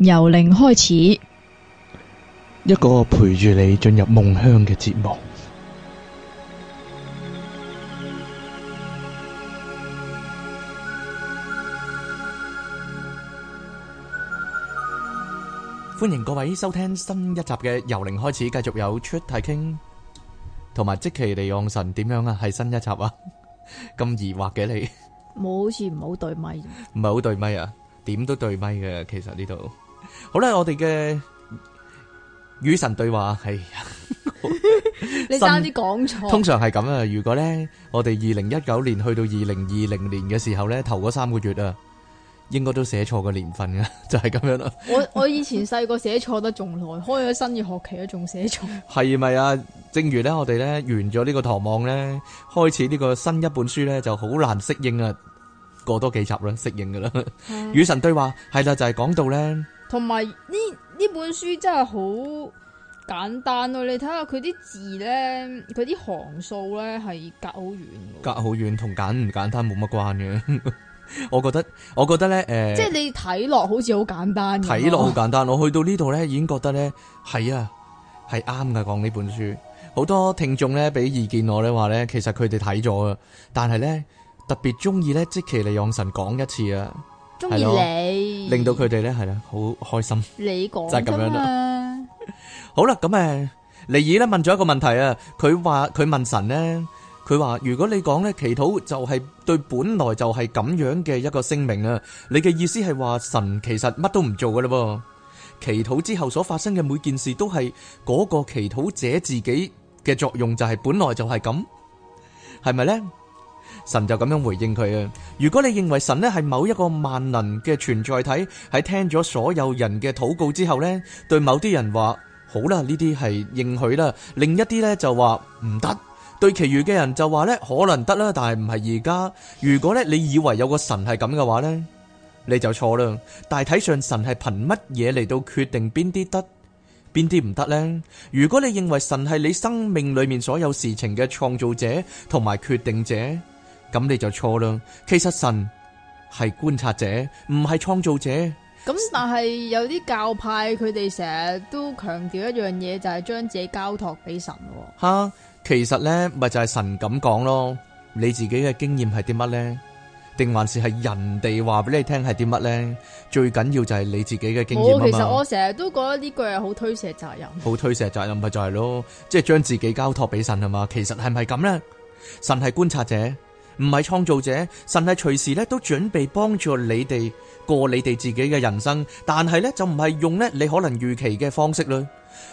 由零開始，一個陪住你進入夢鄉嘅節目。歡迎各位收聽新一集嘅由零開始，繼續有出題傾，同埋即其離岸神點樣啊？係新一集啊！咁疑惑嘅你，冇好似唔好對咪，唔係好對咪啊？點都對咪嘅，其實呢度。好啦，我哋嘅與神對話，係、哎、 新 你差啲講錯。通常係咁啊，如果咧我哋二零一九年去到二零二零年嘅時候咧，頭嗰三個月啊，應該都寫錯個年份噶，就係、是、咁樣啦。 我我以前細個寫錯得仲耐，開咗新嘅學期都仲寫錯。係咪 啊？正如咧，我哋咧完咗呢個《唐望》咧，開始呢個新一本書咧，就好難適應啊。過多幾集啦，適應噶啦。與神對話係啦，就係、是、講到咧。同埋呢呢本書真係好簡單咯，你睇下佢啲字咧，佢啲行數咧係隔好遠。隔好遠同簡唔簡單冇乜關嘅，我覺得我覺得咧誒。呃、即係你睇落好似好簡單。睇落好簡單， 我去到呢度咧已經覺得咧係啊，係啱㗎講呢本書。好多聽眾咧俾意見我咧話咧，其實佢哋睇咗，啊，但係咧特別中意咧即其利用神講一次啊。中意你，令到佢哋咧係啦，好開心。你講就係咁樣啦。好啦，咁誒，尼爾咧問咗一個問題啊。佢話佢問神咧，佢話如果你講咧，祈禱就係對本來就係咁樣嘅一個聲明啊。你嘅意思係話神其實乜都唔做噶啦噃，祈禱之後所發生嘅每件事都係嗰個祈禱者自己嘅作用，就係本來就係咁，係咪咧？神就咁樣回應佢啊！如果你認為神呢係某一個萬能嘅存在體，喺聽咗所有人嘅禱告之後呢，對某啲人話好啦，呢啲係應許啦；另一啲呢就話唔得，對其餘嘅人就話呢可能得啦，但係唔係而家。如果咧你以為有個神係咁嘅話呢，你就錯啦。大體上神係憑乜嘢嚟到決定邊啲得，邊啲唔得呢？如果你認為神係你生命裏面所有事情嘅創造者同埋決定者。咁你就錯啦。其實神係觀察者，唔係創造者。咁但係有啲教派，佢哋成日都強調一樣嘢，就係將自己交託俾神。吓，其實咧，咪就係神咁講咯。你自己嘅經驗係啲乜咧？定還是係人哋話俾你聽係啲乜咧？最緊要就係你自己嘅經驗啊嘛。其實我成日都覺得呢句係好推卸責任。好 推卸責任，咪就係咯，即係將自己交託俾神啊嘛。其實係唔係咁咧？神係觀察者。唔係創造者，神係隨時咧都準備幫助你哋過你哋自己嘅人生，但係咧就唔係用咧你可能預期嘅方式啦。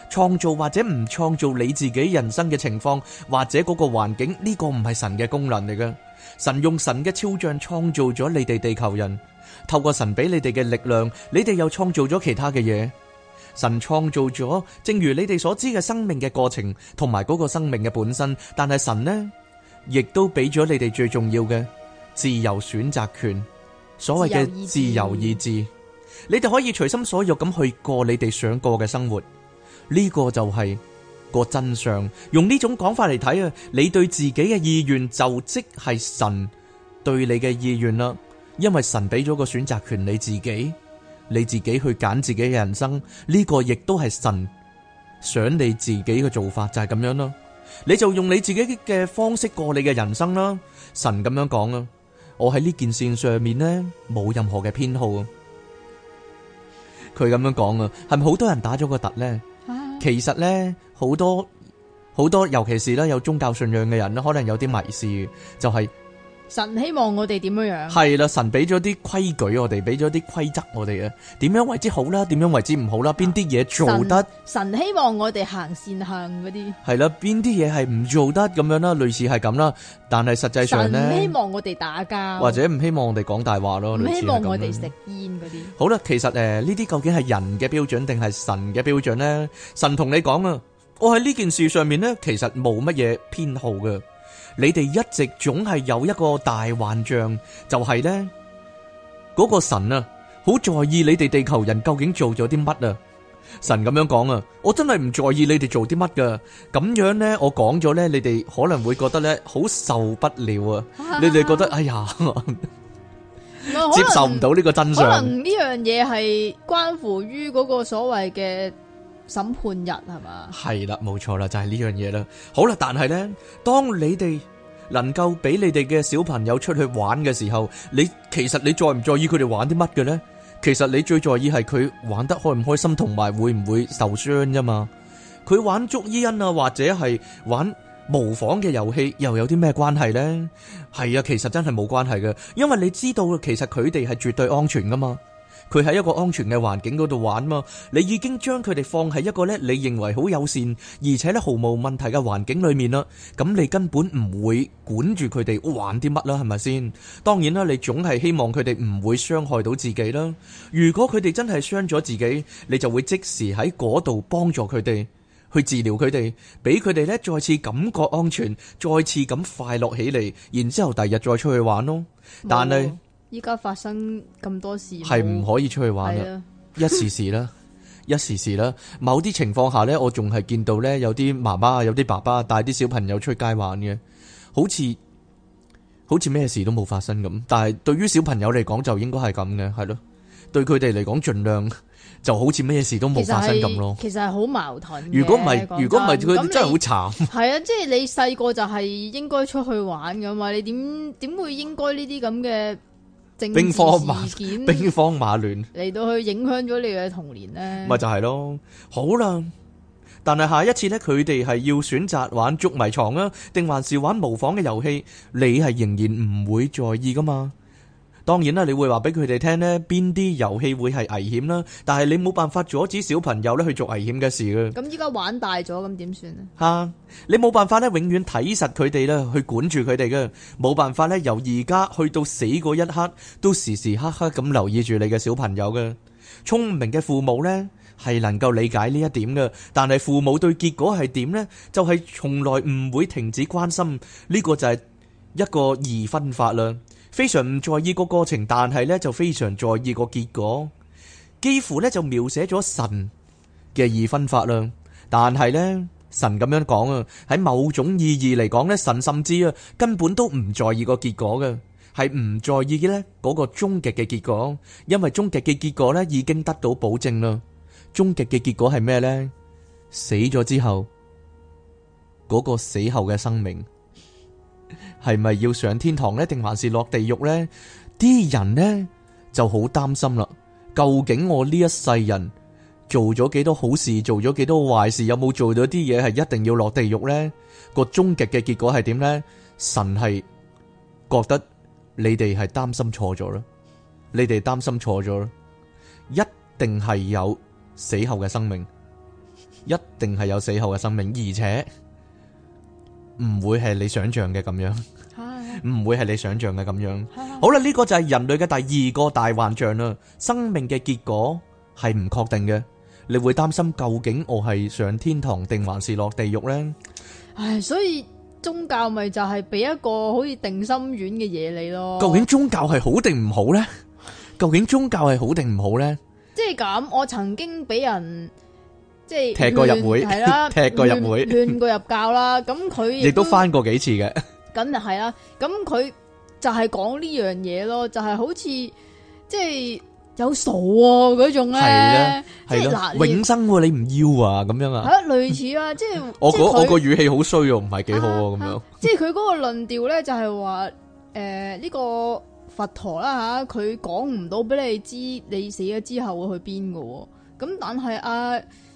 創造或者唔創造你自己人生嘅情況，或者嗰個環境呢、呢個唔係神嘅功能嚟嘅。神用神嘅肖像創造咗你哋地球人，透過神俾你哋嘅力量，你哋又創造咗其他嘅嘢。神創造咗，正如你哋所知嘅生命嘅過程同埋嗰個生命嘅本身，但係神呢，亦都俾咗你哋最重要嘅自由選擇權，所謂嘅自由意志，意志你哋可以隨心所欲咁去過你哋想過嘅生活，呢、這個就係個真相。用呢種講法嚟睇啊，你對自己嘅意願就即係神對你嘅意願啦，因為神俾咗個選擇權你自己，你自己去揀自己嘅人生，呢、這個亦都係神想你自己嘅做法，就係、是、咁樣咯。你就用你自己嘅方式過你嘅人生啦。神咁樣講啊，我喺呢件事上面呢，冇任何嘅偏好。啊。佢咁樣講啊，係咪好多人打咗個突呢？啊、其實呢，好多好多，尤其是啦，有宗教信仰嘅人呢，可能有啲迷思，就係、是。神希望我哋點樣樣？係啦，神俾咗啲規矩我哋，俾咗啲規則我哋嘅，點樣為之好啦？點樣為之唔好啦？邊啲嘢做得神？神希望我哋行善向嗰啲。係啦，邊啲嘢係唔做得咁樣啦？類似係咁啦，但係實際上咧，神希望我哋打交，或者唔希望我哋講大話咯。唔希望我哋食煙嗰啲。好啦，其實誒呢啲究竟係人嘅標準定係神嘅標準咧？神同你講啊，我喺呢件事上面咧，其實冇乜嘢偏好嘅。你哋一直總係有一個大幻象，就係咧嗰個神啊，好在意你哋地球人究竟做咗啲乜啊？神咁樣講啊，我真係唔在意你哋做啲乜噶。咁樣咧，我講咗咧，你哋可能會覺得咧好受不了啊！你哋覺得哎呀，接受唔到呢個真相。可能呢樣嘢係關乎於嗰個所謂嘅。審判日係嘛？係啦，冇錯啦，就係呢樣嘢啦。好啦，但係呢，當你哋能夠俾你哋嘅小朋友出去玩嘅時候，你其實你在唔在意佢哋玩啲乜嘅呢？其實你最在意係佢玩得開唔開心，同埋會唔會受傷啫嘛？佢玩捉伊人啊，或者係玩模仿嘅遊戲，又有啲咩關係呢？係啊，其實真係冇關係嘅，因為你知道其實佢哋係絕對安全噶嘛。佢喺一個安全嘅環境嗰度玩嘛，你已經將佢哋放喺一個呢你認為好友善，而且呢毫無問題嘅環境裏面啦。咁你根本唔會管住佢哋玩啲乜啦，係咪先？當然啦，你總係希望佢哋唔會傷害到自己啦。如果佢哋真係傷咗自己，你就會即時喺嗰度幫助佢哋，去治療佢哋，俾佢哋呢再次感覺安全，再次咁快樂起嚟，然之後第日再出去玩咯。有但係。依家發生咁多事，係唔可以出去玩啦！是的 一時時啦， 一時時啦。某啲情況下呢，我仲係見到呢，有啲媽媽、有啲爸爸帶啲小朋友出去街玩嘅，好似好似咩事都冇發生咁。但係對於小朋友嚟講，就應該係咁嘅，係咯。對佢哋嚟講，盡量就好似咩事都冇發生咁咯。其實係好矛盾嘅。如果唔係，如果唔係你，佢真係好慘。係啊，即係你細個就係應該出去玩噶嘛？你點點會應該呢啲咁嘅？兵荒馬兵荒馬亂嚟 到去影響咗你嘅童年咧，咪 就係咯。好啦，但係下一次咧，佢哋係要選擇玩捉迷藏啊，定還是玩模仿嘅遊戲？你係仍然唔會在意噶嘛？當然啦，你會話俾佢哋聽呢邊啲遊戲會係危險啦，但係你冇辦法阻止小朋友咧去做危險嘅事噶。咁依家玩大咗，咁點算咧？吓、啊，你冇辦法咧，永遠睇實佢哋啦，去管住佢哋噶，冇辦法咧，由而家去到死嗰一刻，都時時刻刻咁留意住你嘅小朋友噶。聰明嘅父母呢係能夠理解呢一點噶，但係父母對結果係點呢？就係、是、從來唔會停止關心呢、這個就係一個二分法啦。非常唔在意個過程，但係咧就非常在意個結果，幾乎咧就描寫咗神嘅二分法啦。但係咧神咁樣講啊，喺某種意義嚟講咧，神甚至啊根本都唔在意個結果嘅，係唔在意咧嗰個終極嘅結果，因為終極嘅結果咧已經得到保證啦。終極嘅結果係咩咧？死咗之後嗰個死後嘅生命。係咪要上天堂呢？定還是落地獄呢？啲人呢就好擔心啦。究竟我呢一世人做咗幾多好事，做咗幾多壞事，有冇做咗啲嘢係一定要落地獄呢？個終極嘅結果係點呢？神係覺得你哋係擔心錯咗咯，你哋擔心錯咗咯，一定係有死後嘅生命，一定係有死後嘅生命，而且。唔會係你想象嘅咁樣，唔會係你想象嘅咁樣。好啦，呢個就係人類嘅第二個大幻象啦。生命嘅結果係唔確定嘅，你會擔心究竟我係上天堂定還是落地獄呢？唉，所以宗教咪就係俾一個好似定心丸嘅嘢你咯。究竟宗教係好定唔好呢？究竟宗教係好定唔好呢？即係咁，我曾經俾人。即係踢過入會，係啦，踢過入會，亂過入教啦。咁佢亦都翻過幾次嘅。咁啊係啦，咁佢就係講呢樣嘢咯，就係好似即係有傻啊嗰種咧。即係嗱，永生你唔要啊，咁樣啊。係類似啊，即係我我個語氣好衰哦，唔係幾好啊，咁樣。即係佢嗰個論調咧，就係話誒呢個佛陀啦吓，佢講唔到俾你知你死咗之後會去邊噶。咁但係啊。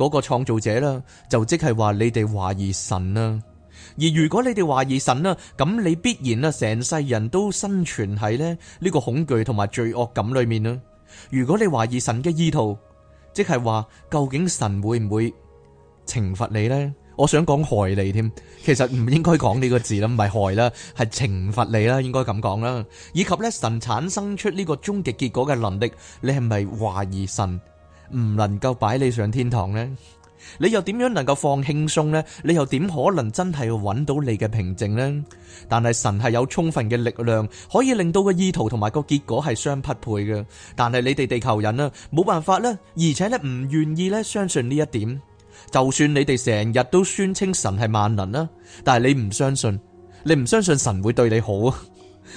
嗰個創造者啦，就即係話你哋懷疑神啦，而如果你哋懷疑神啦，咁你必然啊成世人都生存喺咧呢個恐懼同埋罪惡感裏面啦。如果你懷疑神嘅意圖，即係話究竟神會唔會懲罰你呢？我想講害你添，其實唔應該講呢個字啦，唔係害啦，係懲罰你啦，應該咁講啦。以及咧神產生出呢個終極結果嘅能力，你係咪懷疑神？唔能夠擺你上天堂呢？你又點樣能夠放輕鬆呢？你又點可能真係揾到你嘅平靜呢？但係神係有充分嘅力量，可以令到個意圖同埋個結果係相匹配嘅。但係你哋地球人啊，冇辦法啦，而且咧唔願意咧相信呢一點。就算你哋成日都宣稱神係萬能啦，但係你唔相信，你唔相信神會對你好。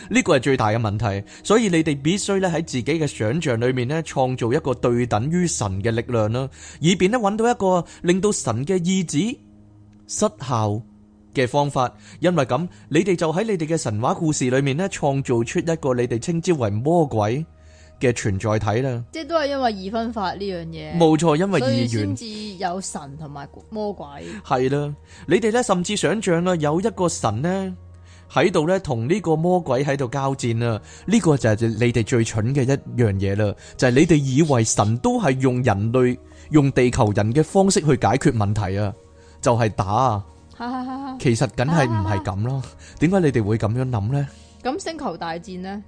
呢個係最大嘅問題，所以你哋必須咧喺自己嘅想象裏面咧，創造一個對等於神嘅力量啦，以便咧揾到一個令到神嘅意志失效嘅方法。因為咁，你哋就喺你哋嘅神話故事裏面咧，創造出一個你哋稱之為魔鬼嘅存在體啦。即係都係因為二分法呢樣嘢。冇錯，因為二元先至有神同埋魔鬼。係啦，你哋咧甚至想象啊，有一個神呢。喺度咧，同呢個魔鬼喺度交戰啊！呢個就係你哋最蠢嘅一樣嘢，啦，就係你哋以為神都係用人類、用地球人嘅方式去解決問題啊，就係打啊！其實梗係唔係咁咯。點解你哋會咁樣諗咧？咁星球大戰咧？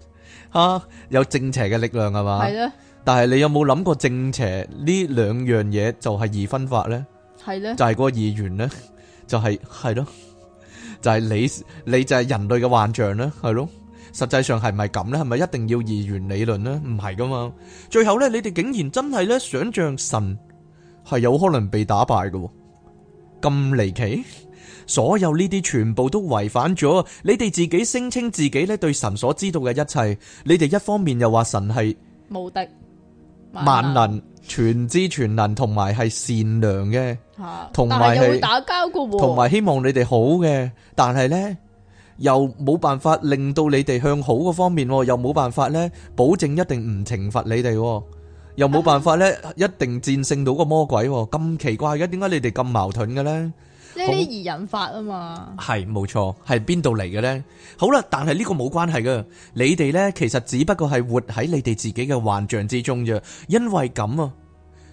吓，有正邪嘅力量係嘛？係咯。但係你有冇諗過正邪呢兩樣嘢，就係二分法咧？係咧。就係嗰個二元咧，就係，係咯。就係你，你就係人類嘅幻象啦，係咯，實際上係咪咁咧？係咪一定要二元理論咧？唔係噶嘛，最後咧，你哋竟然真係咧想象神係有可能被打敗嘅，咁離奇！所有呢啲全部都違反咗你哋自己聲稱自己咧對神所知道嘅一切，你哋一方面又話神係無敵、萬能、全知全能，同埋係善良嘅。吓，同埋又會打交噶喎，同埋希望你哋好嘅，但係咧又冇辦法令到你哋向好個方面，又冇辦法咧保證一定唔懲罰你哋，又冇辦法咧一定戰勝到個魔鬼，咁奇怪嘅，點解你哋咁矛盾嘅咧？呢啲易引發啊嘛，係冇錯，係邊度嚟嘅咧？好啦，但係呢個冇關係噶，你哋咧其實只不過係活喺你哋自己嘅幻象之中啫，因為咁啊。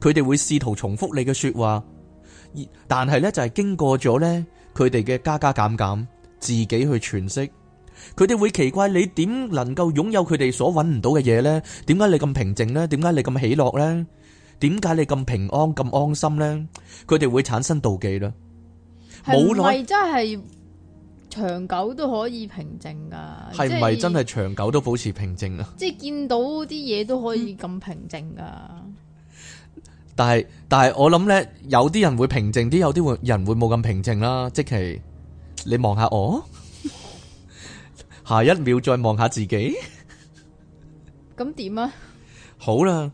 佢哋會試圖重複你嘅說話，但係咧就係、是、經過咗咧，佢哋嘅加加減減，自己去詮釋。佢哋會奇怪你點能夠擁有佢哋所揾唔到嘅嘢咧？點解你咁平靜咧？點解你咁喜樂咧？點解你咁平安咁安心咧？佢哋會產生妒忌啦。係咪真係長久都可以平靜噶？係咪真係長久都保持平靜啊？即係見到啲嘢都可以咁平靜噶？是但係，但係我諗咧，有啲人會平靜啲，有啲會人會冇咁平靜啦。即係你望下我， 下一秒再望下自己，咁 點啊？好啦，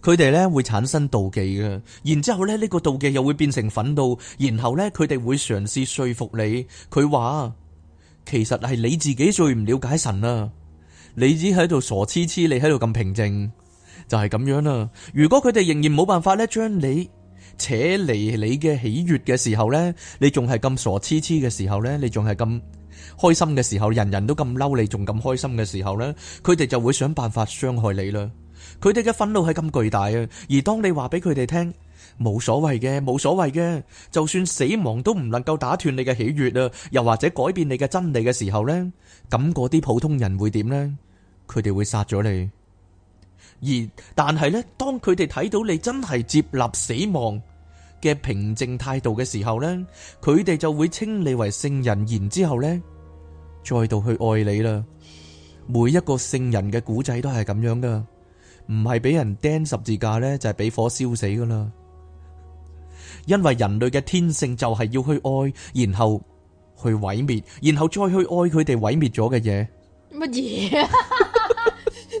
佢哋咧會產生妒忌嘅，然之後咧呢、呢個妒忌又會變成憤怒，然後咧佢哋會嘗試說服你，佢話其實係你自己最唔了解神啦、啊，你只喺度傻痴痴，你喺度咁平靜。就係咁樣啦。如果佢哋仍然冇辦法咧，將你扯離你嘅喜悅嘅時候呢，你仲係咁傻痴痴嘅時候呢，你仲係咁開心嘅時候，人人都咁嬲你，仲咁開心嘅時候呢，佢哋就會想辦法傷害你啦。佢哋嘅憤怒係咁巨大啊！而當你話俾佢哋聽冇所謂嘅，冇所謂嘅，就算死亡都唔能夠打斷你嘅喜悅啊，又或者改變你嘅真理嘅時候呢，咁嗰啲普通人會點呢？佢哋會殺咗你。而但係呢，當佢哋睇到你真係接納死亡嘅平靜態度嘅時候呢，佢哋就會稱你為聖人。然之後呢，再度去愛你啦。每一個聖人嘅古仔都係咁樣噶，唔係俾人釘十字架呢，就係俾火燒死噶啦。因為人類嘅天性就係要去愛，然後去毀滅，然後再去愛佢哋毀滅咗嘅嘢。乜嘢啊？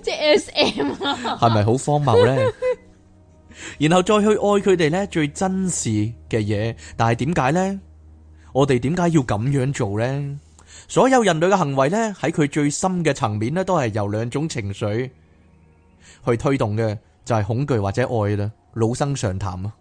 即係 SM 啊，係咪好荒謬咧？然後再去愛佢哋咧，最真實嘅嘢。但係點解咧？我哋點解要咁樣做咧？所有人類嘅行為咧，喺佢最深嘅層面咧，都係由兩種情緒去推動嘅，就係恐懼或者愛啦，老生常談啊。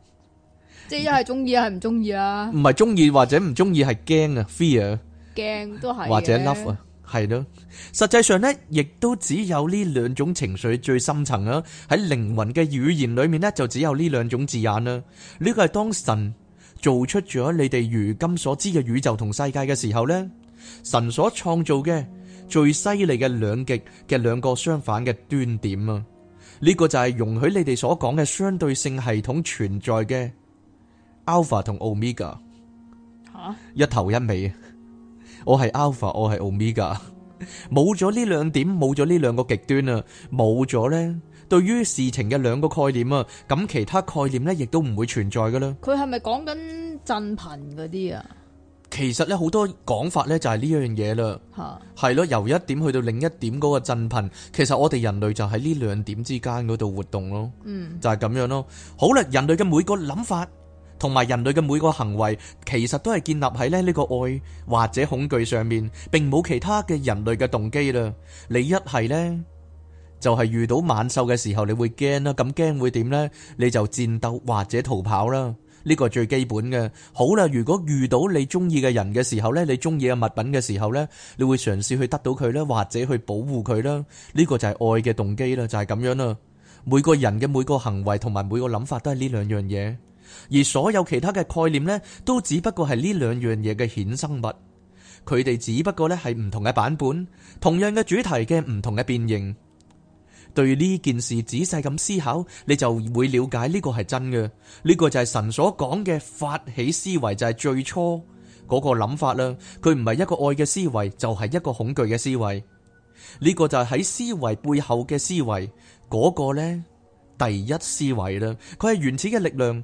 即係一係中意，一係唔中意啊。唔係中意或者唔中意，係驚啊，Fear。驚都係。或者 Love 啊。係咯，實際上咧，亦都只有呢兩種情緒最深層啊。喺靈魂嘅語言裏面咧，就只有呢兩種字眼啦。呢個係當神做出咗你哋如今所知嘅宇宙同世界嘅時候咧，神所創造嘅最犀利嘅兩極嘅兩個相反嘅端點啊。呢個就係容許你哋所講嘅相對性系統存在嘅 Alpha 同 Omega，吓，一頭一尾。我係 Alpha，我係 Omega，冇咗呢兩點，冇咗呢兩個極端啊，冇咗咧，對於事情嘅兩個概念啊，咁其他概念咧，亦都唔會存在噶啦。佢係咪講緊震頻嗰啲啊？其實咧，好多講法咧，就係呢樣嘢啦。吓，係咯，由一點去到另一點嗰個震頻，其實我哋人類就喺呢兩點之間嗰度活動咯。嗯，就係咁樣咯。好啦，人類嘅每個諗法，同埋人類嘅每個行為，其實都係建立喺呢呢個愛或者恐懼上面，並冇其他嘅人類嘅動機啦。你一係呢就係遇到猛獸嘅時候，你會驚啦，咁驚會點呢？你就戰鬥或者逃跑啦。呢個最基本嘅。好啦，如果遇到你中意嘅人嘅時候呢，你中意嘅物品嘅時候呢，你會嘗試去得到佢咧，或者去保護佢啦。呢個就係愛嘅動機啦，就係咁樣啦。每個人嘅每個行為同埋每個諗法都係呢兩樣嘢。而所有其他嘅概念呢，都只不過係呢兩樣嘢嘅衍生物，佢哋只不過咧係唔同嘅版本，同樣嘅主題嘅唔同嘅變形。對呢件事仔細咁思考，你就會了解呢個係真嘅，呢個就係神所講嘅發起思維，就係最初嗰個諗法啦。佢唔係一個愛嘅思維，就係一個恐懼嘅思維。呢個就係喺思維背後嘅思維，嗰個呢，第一思維啦，佢係原始嘅力量。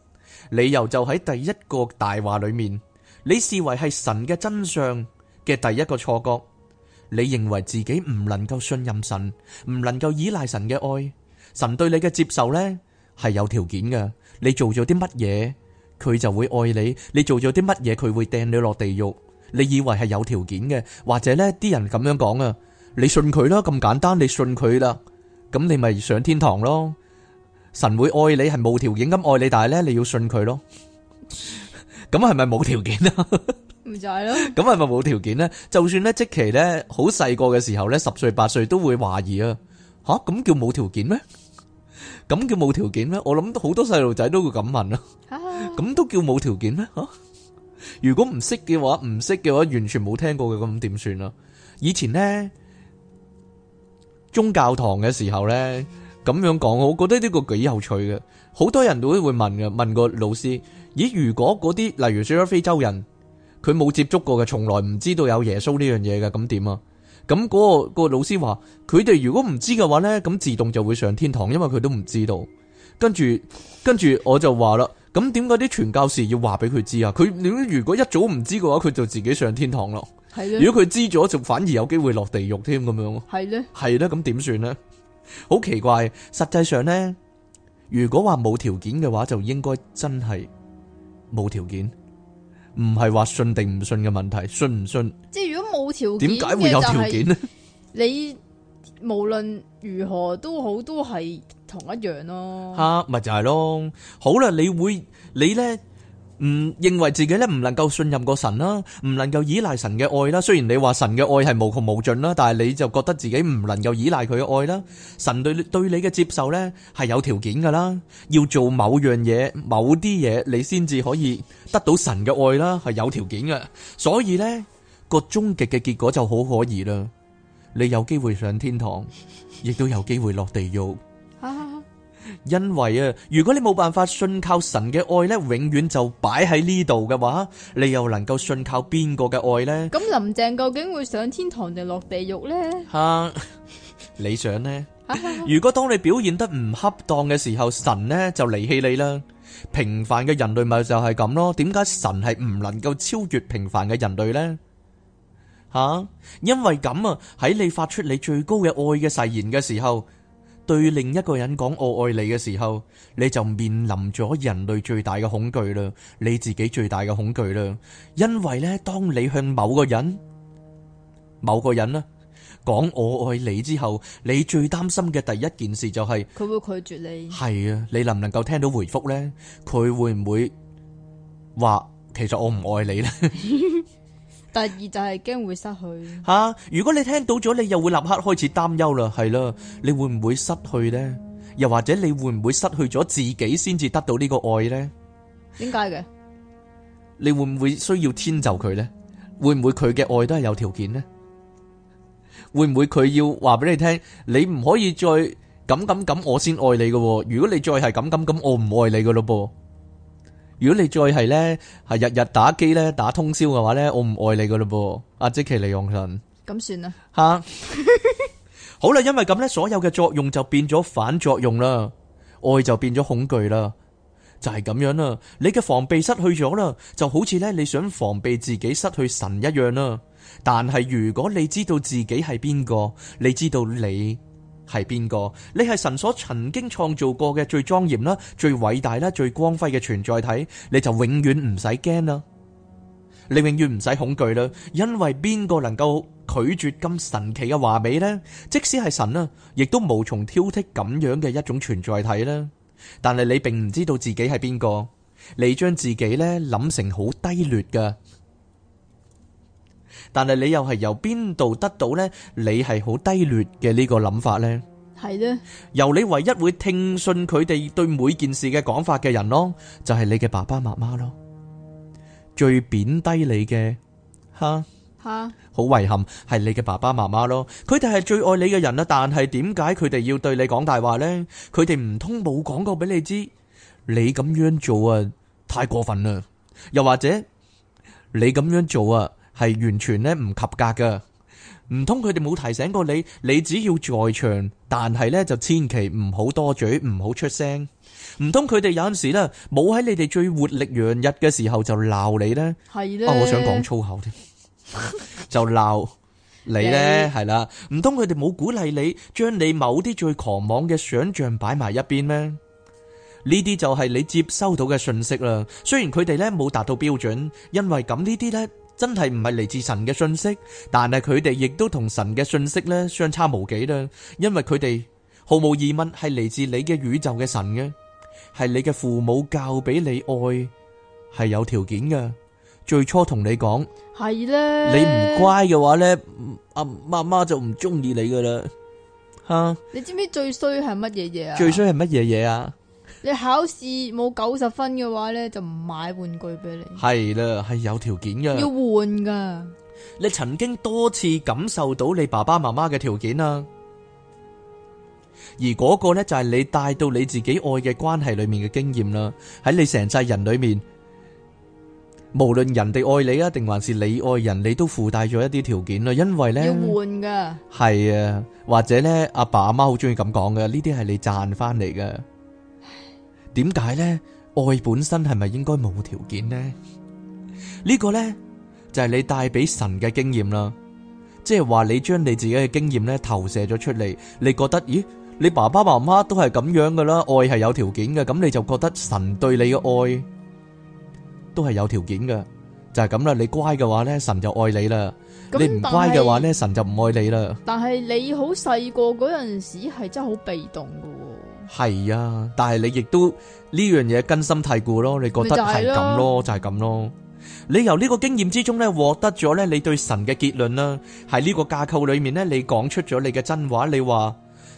理由就喺第一個大話裏面，你視為係神嘅真相嘅第一個錯覺，你認為自己唔能夠信任神，唔能夠依賴神嘅愛，神對你嘅接受呢係有條件嘅，你做咗啲乜嘢佢就會愛你，你做咗啲乜嘢佢會掟你落地獄，你以為係有條件嘅，或者呢啲人咁樣講啊，你信佢啦，咁簡單，你信佢啦，咁你咪上天堂咯。神會愛你係冇條件咁愛你，但係咧你要信佢咯。咁係咪冇條件啊？唔係咯。咁係咪冇條件咧？就算咧，即其咧好細個嘅時候咧，十歲八歲都會懷疑啊。吓，咁叫冇條件咩？咁叫冇條件咩？我諗好多細路仔都會咁問啦。咁都叫冇條件咩？吓？如果唔識嘅話，唔識嘅話，完全冇聽過嘅，咁點算啊？以前咧，宗教堂嘅時候咧。咁樣講，我覺得呢個幾有趣嘅，好多人都會問嘅，問個老師：，咦，如果嗰啲例如非洲人，佢冇接觸過嘅，從來唔知道有耶穌呢樣嘢嘅，咁點啊？咁嗰個個老師話：，佢哋如果唔知嘅話呢，咁自動就會上天堂，因為佢都唔知道。跟住跟住，我就話啦：，咁點解啲傳教士要話俾佢知啊？佢如果一早唔知嘅話，佢就自己上天堂咯。的如果佢知咗，就反而有機會落地獄添，咁樣。係咧的。係咧，咁點算呢？好奇怪，實際上咧，如果話冇條件嘅話，就應該真係冇條件，唔係話信定唔信嘅問題，信唔信？即係如果冇條件，點解會有條件呢？你無論如何都好都係同一樣咯、啊。吓 啊，咪就係、是、咯。好啦，你會你咧。唔認為自己咧唔能夠信任個神啦，唔能夠依賴神嘅愛啦。雖然你話神嘅愛係無窮無盡啦，但係你就覺得自己唔能夠依賴佢嘅愛啦。神對對你嘅接受呢係有條件噶啦，要做某樣嘢，某啲嘢，你先至可以得到神嘅愛啦，係有條件嘅。所以呢個終極嘅結果就好可疑啦。你有機會上天堂，亦都有機會落地獄。因為啊，如果你冇辦法信靠神嘅愛咧，永遠就擺喺呢度嘅話，你又能夠信靠邊個嘅愛呢？咁林鄭究竟會上天堂定落地獄呢？吓、啊，你想呢？ 如果當你表現得唔恰當嘅時候，神呢就離棄你啦。平凡嘅人類咪就係咁咯。點解神係唔能夠超越平凡嘅人類呢？吓、啊，因為咁啊，喺你發出你最高嘅愛嘅誓言嘅時候。對另一個人講我愛你嘅時候，你就面臨咗人類最大嘅恐懼啦，你自己最大嘅恐懼啦。因為呢，當你向某個人、某個人呢講我愛你之後，你最擔心嘅第一件事就係佢會拒絕你。係啊，你能唔能夠聽到回覆呢？佢會唔會話其實我唔愛你呢？第二就係驚會失去吓，如果你聽到咗，你又會立刻開始擔憂啦，係啦，你會唔會失去呢？又或者你會唔會失去咗自己先至得到呢個愛呢？點解嘅？你會唔會需要遷就佢呢？會唔會佢嘅愛都係有條件呢？會唔會佢要話俾你聽？你唔可以再咁咁咁，我先愛你嘅。如果你再係咁咁咁，我唔愛你嘅咯噃。如果你再係咧，係日日打機咧，打通宵嘅話咧，我唔愛你噶咯噃，阿即奇利用神，咁算啦，吓，好啦，因為咁咧，所有嘅作用就變咗反作用啦，愛就變咗恐懼啦，就係咁樣啦，你嘅防備失去咗啦，就好似咧你想防備自己失去神一樣啦，但係如果你知道自己係邊個，你知道你。係邊個？你係神所曾經創造過嘅最莊嚴啦、最偉大啦、最光輝嘅存在體，你就永遠唔使驚啦，你永遠唔使恐懼啦，因為邊個能夠拒絕咁神奇嘅華美呢？即使係神啊，亦都無從挑剔咁樣嘅一種存在體啦。但係你並唔知道自己係邊個，你將自己呢，諗成好低劣噶。但係你又係由邊度得到呢？你係好低劣嘅呢個諗法呢？係呢，由你唯一會聽信佢哋對每件事嘅講法嘅人咯，就係你嘅爸爸媽媽咯。最貶低你嘅，吓吓，好遺憾係你嘅爸爸媽媽咯。佢哋係最愛你嘅人啦，但係點解佢哋要對你講大話呢？佢哋唔通冇講過俾你知？你咁樣做啊，太過分啦！又或者你咁樣做啊？係完全咧唔及格嘅，唔通佢哋冇提醒過你？你只要在場，但係咧就千祈唔好多嘴，唔好出聲。唔通佢哋有陣時咧，冇喺你哋最活力洋溢嘅時候就鬧你呢？係的、哦、我想講粗口添， 就鬧你呢？係啦 的。唔通佢哋冇鼓勵你，將你某啲最狂妄嘅想象擺埋一邊咩？呢啲就係你接收到嘅信息啦。雖然佢哋咧冇達到標準，因為咁呢啲呢。真係唔係嚟自神嘅信息，但係佢哋亦都同神嘅信息咧相差無幾啦，因為佢哋毫無疑問係嚟自你嘅宇宙嘅神嘅，係你嘅父母教俾你愛係有條件嘅，最初同你講係啦，呢你唔乖嘅話咧，阿媽媽就唔中意你噶啦，吓，你知唔知最衰係乜嘢嘢啊？最衰係乜嘢嘢啊？你考試冇九十分嘅話呢，就唔買玩具俾你。係啦，係有條件嘅。要換噶。你曾經多次感受到你爸爸媽媽嘅條件啊，而嗰個呢，就係你帶到你自己愛嘅關係裏面嘅經驗啦。喺你成世人裏面，無論人哋愛你啊，定還是你愛人，你都附帶咗一啲條件啦。因為呢，要換噶。係啊，或者呢，阿爸阿媽好中意咁講嘅，呢啲係你賺翻嚟嘅。點解呢？愛本身係咪應該冇條件呢？呢個呢，就係你帶俾神嘅經驗啦，即係話你將你自己嘅經驗呢投射咗出嚟，你覺得，咦？你爸爸媽媽都係咁樣噶啦，愛係有條件嘅，咁你就覺得神對你嘅愛都係有條件嘅，就係咁啦。你乖嘅話呢，神就愛你啦。你唔乖嘅話咧，是神就唔愛你啦。但係你好細個嗰陣時係真係好被動嘅、哦。係啊，但係你亦都呢樣嘢根深蒂固咯。你覺得係咁咯，就係咁咯,咯。你由呢個經驗之中咧，獲得咗咧，你對神嘅結論啦，喺呢個架構裏面咧，你講出咗你嘅真話。你話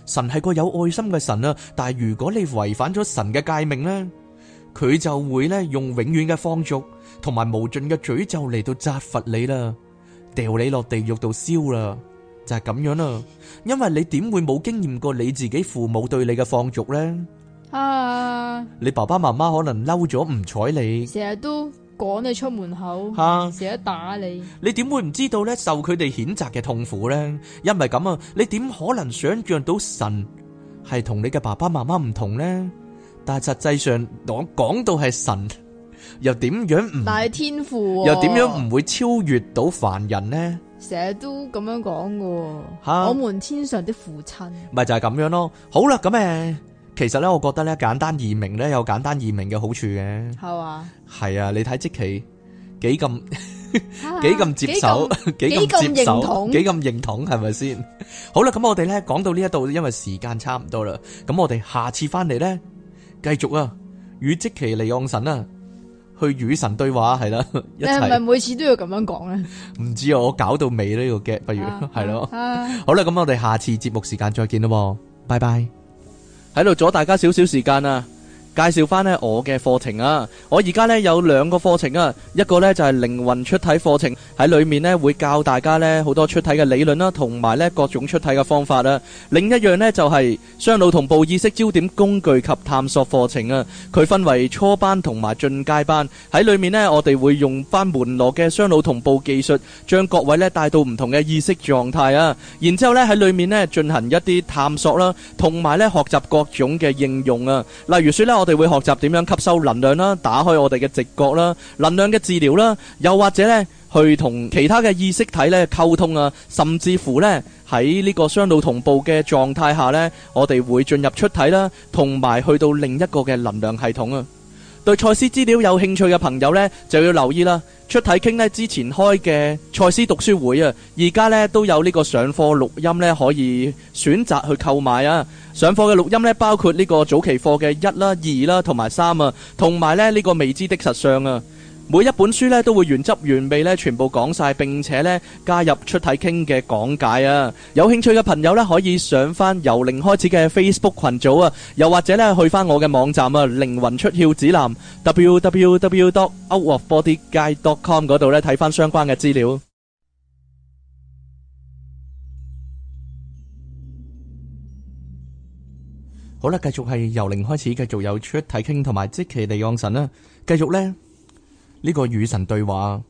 神係個有愛心嘅神啊，但係如果你違反咗神嘅誡命咧，佢就會咧用永遠嘅放逐同埋無盡嘅詛咒嚟到責罰你啦。掉你落地獄度燒啦，就係、是、咁樣啦、啊。因為你點會冇經驗過你自己父母對你嘅放逐呢？啊！你爸爸媽媽可能嬲咗唔睬你，成日都趕你出門口，吓、啊，成日打你。你點會唔知道呢？受佢哋譴責嘅痛苦呢？因為咁啊，你點可能想象到神係同你嘅爸爸媽媽唔同呢？但係實際上，我講到係神。又點樣唔？但係天賦又點樣唔會超越到凡人呢？成日都咁樣講噶，我們天上的父親咪就係咁樣咯。好啦，咁誒，其實咧，我覺得咧，簡單易明咧有簡單易明嘅好處嘅係嘛？係啊，你睇積奇幾咁幾咁接受，幾咁接受，幾咁認同，幾咁認同，係咪先？好啦，咁我哋咧講到呢一度，因為時間差唔多啦，咁我哋下次翻嚟咧繼續啊，與積奇嚟望神啊。去與神對話，係啦，你係咪每次都要咁樣講咧？唔 知啊，我搞到尾呢個 gap，不如係咯。好啦，咁我哋下次節目時間再見啦，拜拜。喺度 阻大家少少時間啊！介紹翻咧我嘅課程啊！我而家咧有兩個課程啊，一個咧就係靈魂出體課程，喺裡面咧會教大家咧好多出體嘅理論啦，同埋咧各種出體嘅方法啦。另一樣咧就係雙腦同步意識焦點工具及探索課程啊，佢分為初班同埋進階班，喺裡面咧我哋會用翻門羅嘅雙腦同步技術，將各位咧帶到唔同嘅意識狀態啊。然之後咧喺裡面咧進行一啲探索啦，同埋咧學習各種嘅應用啊，例如説咧我。我哋會學習點樣吸收能量啦，打開我哋嘅直覺啦，能量嘅治療啦，又或者呢去同其他嘅意識體呢溝通啊，甚至乎呢喺呢個雙腦同步嘅狀態下呢，我哋會進入出體啦，同埋去到另一個嘅能量系統啊。對賽斯資料有興趣嘅朋友呢，就要留意啦。出體傾呢之前開嘅賽斯讀書會啊，而家呢都有呢個上課錄音呢，可以選擇去購買啊。上課嘅錄音咧，包括呢個早期課嘅一啦、二啦同埋三啊，同埋咧呢個未知的實相啊。每一本書咧都會原汁原味咧全部講晒，並且咧加入出體傾嘅講解啊。有興趣嘅朋友咧，可以上翻由零開始嘅 Facebook 群組啊，又或者咧去翻我嘅網站啊，靈魂出竅指南 www.outofbodyguide.com 嗰度咧睇翻相關嘅資料。好啦，繼續係由零開始，繼續有出體傾同埋即其嚟，向神啦。繼續咧呢個與神對話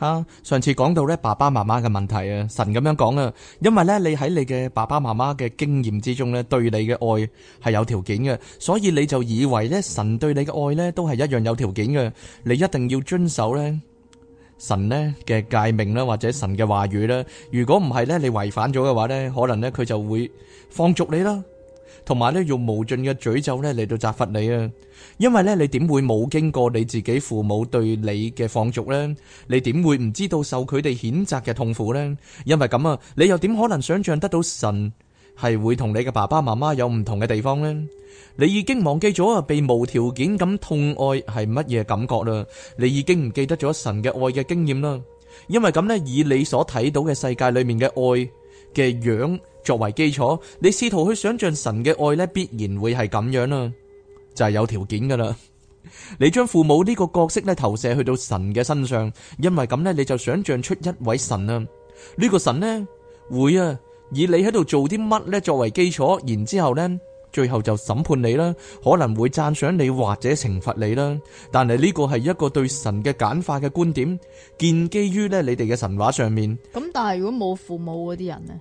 吓，上次講到咧爸爸媽媽嘅問題啊，神咁樣講啊，因為咧你喺你嘅爸爸媽媽嘅經驗之中咧，對你嘅愛係有條件嘅，所以你就以為咧神對你嘅愛咧都係一樣有條件嘅，你一定要遵守咧神咧嘅誡命啦，或者神嘅話語啦。如果唔係咧，你違反咗嘅話咧，可能咧佢就會放逐你啦。同埋咧，用無盡嘅詛咒咧嚟到責罰你啊！因為咧，你點會冇經過你自己父母對你嘅放逐呢？你點會唔知道受佢哋譴責嘅痛苦呢？因為咁啊，你又點可能想象得到神係會同你嘅爸爸媽媽有唔同嘅地方呢？你已經忘記咗啊，被無條件咁痛愛係乜嘢感覺啦？你已經唔記得咗神嘅愛嘅經驗啦？因為咁呢，以你所睇到嘅世界裏面嘅愛嘅樣，作為基礎，你試圖去想象神嘅愛咧，必然會係咁樣啦，就係、是、有條件噶啦。 你將父母呢個角色咧投射去到神嘅身上，因為咁咧，你就想象出一位神啦。呢、呢個神呢，會啊，以你喺度做啲乜咧作為基礎，然之後咧，最後就審判你啦，可能會讚賞你或者懲罰你啦。但係呢個係一個對神嘅簡化嘅觀點，建基於呢你哋嘅神話上面。咁但係如果冇父母嗰啲人呢，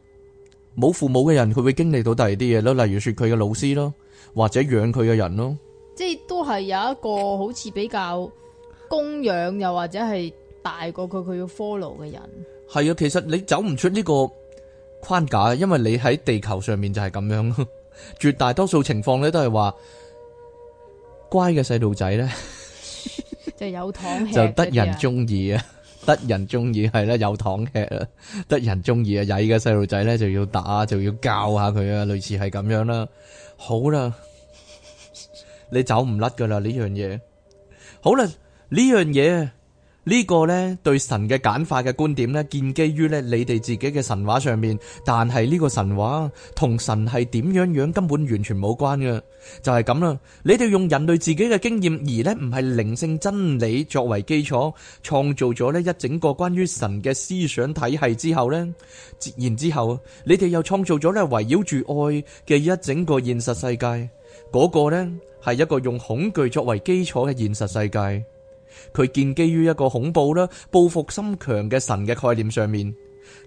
冇父母嘅人，佢會經歷到第二啲嘢咯，例如說佢嘅老師咯，或者養佢嘅人咯，即係都係有一個好似比較供養，又或者係大過佢，佢要 follow 嘅人。係啊，其實你走唔出呢個框架，因為你喺地球上面就係咁樣，絕大多數情況咧都係話乖嘅細路仔咧就有糖 就得人中意啊。 得人中意係咧，有糖吃啊！得人中意啊，曳嘅細路仔咧就要打，就要教下佢啊，類似係咁樣啦。好啦，你走唔甩噶啦，呢樣嘢。好啦，呢樣嘢。呢個咧，對神嘅簡化嘅觀點咧，建基於咧你哋自己嘅神話上面，但係呢個神話同神係點樣樣根本完全冇關嘅，就係咁啦。你哋用人類自己嘅經驗而咧唔係靈性真理作為基礎，創造咗呢一整個關於神嘅思想體系之後呢，自然之後，你哋又創造咗呢圍繞住愛嘅一整個現實世界，嗰、嗰個呢，係一個用恐懼作為基礎嘅現實世界。佢建基於一個恐怖啦、報復心強嘅神嘅概念上面，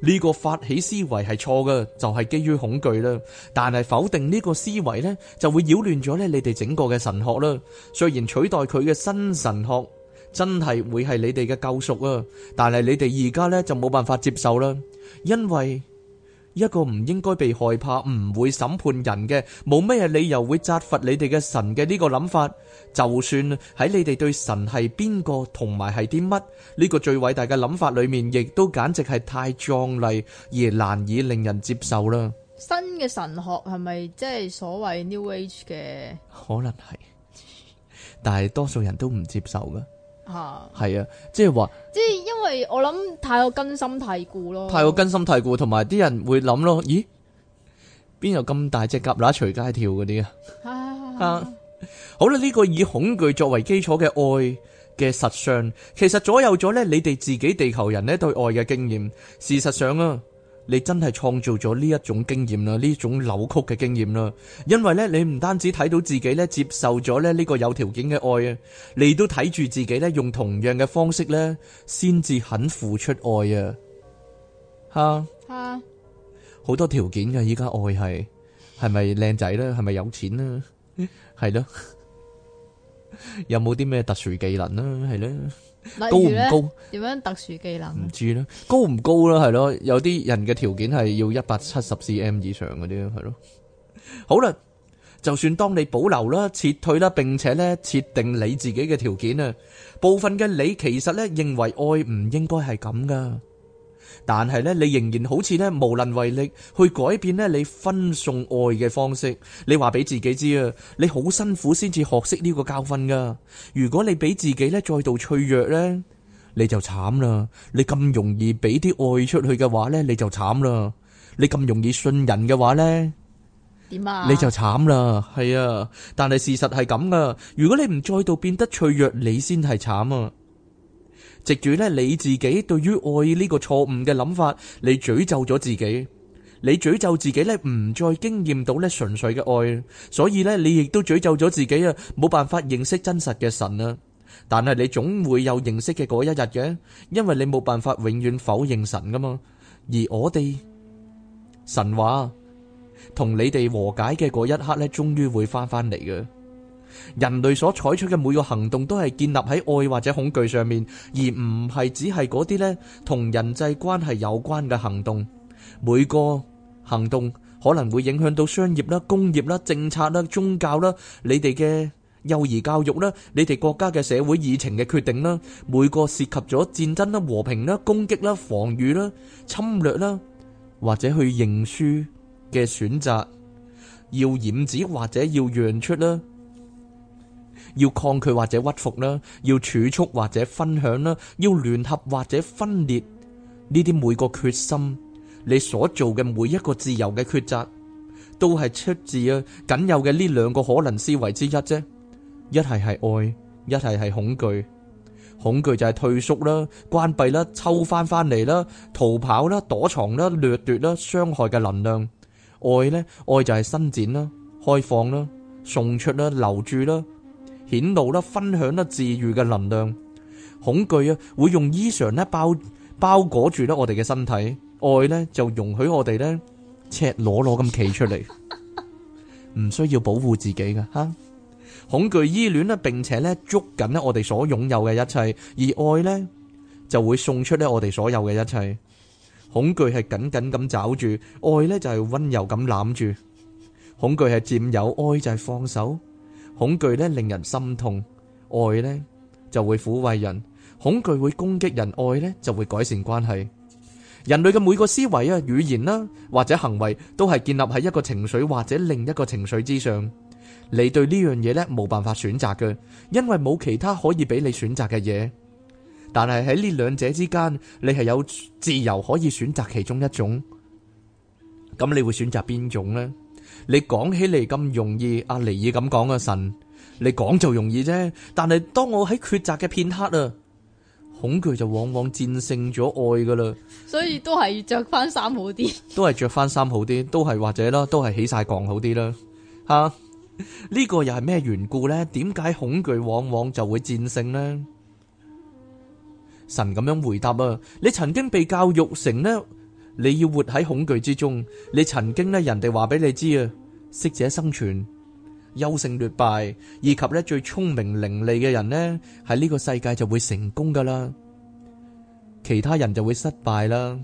呢個發起思維係錯嘅，就係基於恐懼啦。但係否定呢個思維呢，就會擾亂咗呢你哋整個嘅神學啦。雖然取代佢嘅新神學真係會係你哋嘅救贖啊，但係你哋而家呢，就冇辦法接受啦，因為。一個唔應該被害怕、唔會審判人嘅，冇咩理由會責罰你哋嘅神嘅呢個諗法，就算喺你哋對神係邊個同埋係啲乜呢個最偉大嘅諗法裏面，亦都簡直係太壯麗而難以令人接受啦。新嘅神學係咪即係所謂 New Age 嘅？可能係，但係多數人都唔接受噶。吓係啊，即係話，即係因為我諗太過根深蒂固咯，太過根深蒂固，同埋啲人會諗咯，咦？邊有咁大隻蛤乸隨街跳嗰啲啊？啊，啊好啦，呢個以恐懼作為基礎嘅愛嘅實相，其實左右咗咧你哋自己地球人咧對愛嘅經驗。事實上啊。你真係創造咗呢一種經驗啦，呢種扭曲嘅經驗啦，因為呢，你唔單止睇到自己咧接受咗咧呢個有條件嘅愛啊，你都睇住自己咧用同樣嘅方式呢先至肯付出愛啊，吓吓，好哈多條件㗎依家愛係，係咪靚仔呢？係咪有錢呢？係 咯是的， 有冇啲咩特殊技能呢？係咧。高唔高？點樣特殊技能？唔知啦，高唔高啦，係咯，有啲人嘅條件係要一百七十 cm 以上嗰啲，係咯。好啦，就算當你保留啦、撤退啦，並且呢設定你自己嘅條件啊，部分嘅你其實呢認為愛唔應該係咁噶。但係咧，你仍然好似咧無能為力去改變咧你分送愛嘅方式。你話俾自己知啊，你好辛苦先至學識呢個教訓噶。如果你俾自己咧再度脆弱咧，你就慘啦。你咁容易俾啲愛出去嘅話咧，你就慘啦。你咁容易信人嘅話咧，點啊？你就慘啦，係啊。但係事實係咁噶。如果你唔再度變得脆弱，你先係慘啊。藉住咧你自己對於愛呢個錯誤嘅諗法，你詛咒咗自己，你詛咒自己咧唔再經驗到咧純粹嘅愛，所以咧你亦都詛咒咗自己啊，冇辦法認識真實嘅神啊。但係你總會有認識嘅嗰一日嘅，因為你冇辦法永遠否認神㗎嘛。而我哋神話同你哋和解嘅嗰一刻咧，終於會翻翻嚟嘅。人類所採取嘅每個行動都係建立喺愛或者恐懼上面，而唔係只係嗰啲呢同人際關係有關嘅行動。每個行動可能會影響到商業啦、工業啦、政策啦、宗教啦、你哋嘅幼兒教育啦、你哋國家嘅社會議程嘅決定啦。每個涉及咗戰爭啦、和平啦、攻擊啦、防禦啦、侵略啦，或者去認輸嘅選擇，要染指或者要讓出啦。要抗拒或者屈服啦，要儲蓄或者分享啦，要聯合或者分裂呢啲每個決心，你所做嘅每一個自由嘅抉擇，都係出自啊僅有嘅呢兩個可能思維之一啫。一係係愛，一係係恐懼。恐懼就係退縮啦、關閉啦、抽翻翻嚟啦、逃跑啦、躲藏啦、掠奪啦、傷害嘅能量。愛呢，愛就係伸展啦、開放啦、送出啦、留住啦，顯露啦，分享啦，治愈嘅能量，恐懼啊，會用衣裳咧包包裹住咧我哋嘅身體，愛咧就容許我哋咧赤裸裸咁企出嚟，唔需要保護自己噶吓。恐懼依戀咧，並且咧捉緊咧我哋所擁有嘅一切，而愛咧就會送出咧我哋所有嘅一切。恐懼係緊緊咁抓住，愛咧就係溫柔咁攬住。恐懼係佔有，愛就係放手。恐懼咧令人心痛，愛咧就會撫慰人。恐懼會攻擊人，愛咧就會改善關係。人類嘅每個思維啊、語言啦或者行為，都係建立喺一個情緒或者另一個情緒之上。你對呢樣嘢咧冇辦法選擇嘅，因為冇其他可以俾你選擇嘅嘢。但係喺呢兩者之間，你係有自由可以選擇其中一種。咁你會選擇邊種呢？你講起嚟咁容易，阿、啊、尼爾咁講啊，神，你講就容易啫。但係當我喺抉擇嘅片刻啊，恐懼就往往戰勝咗愛噶啦。所以都係着翻衫好啲 ，都係着翻衫好啲，都係或者啦，都係起晒槓好啲啦。吓、啊，呢、這個又係咩緣故咧？點解恐懼往往就會戰勝咧？神咁樣回答啊，「你曾經被教育成呢。」你要活喺恐懼之中，你曾經咧人哋話俾你知啊，適者生存，優勝劣敗，以及咧最聰明伶俐嘅人呢，喺呢個世界就會成功噶啦，其他人就會失敗啦。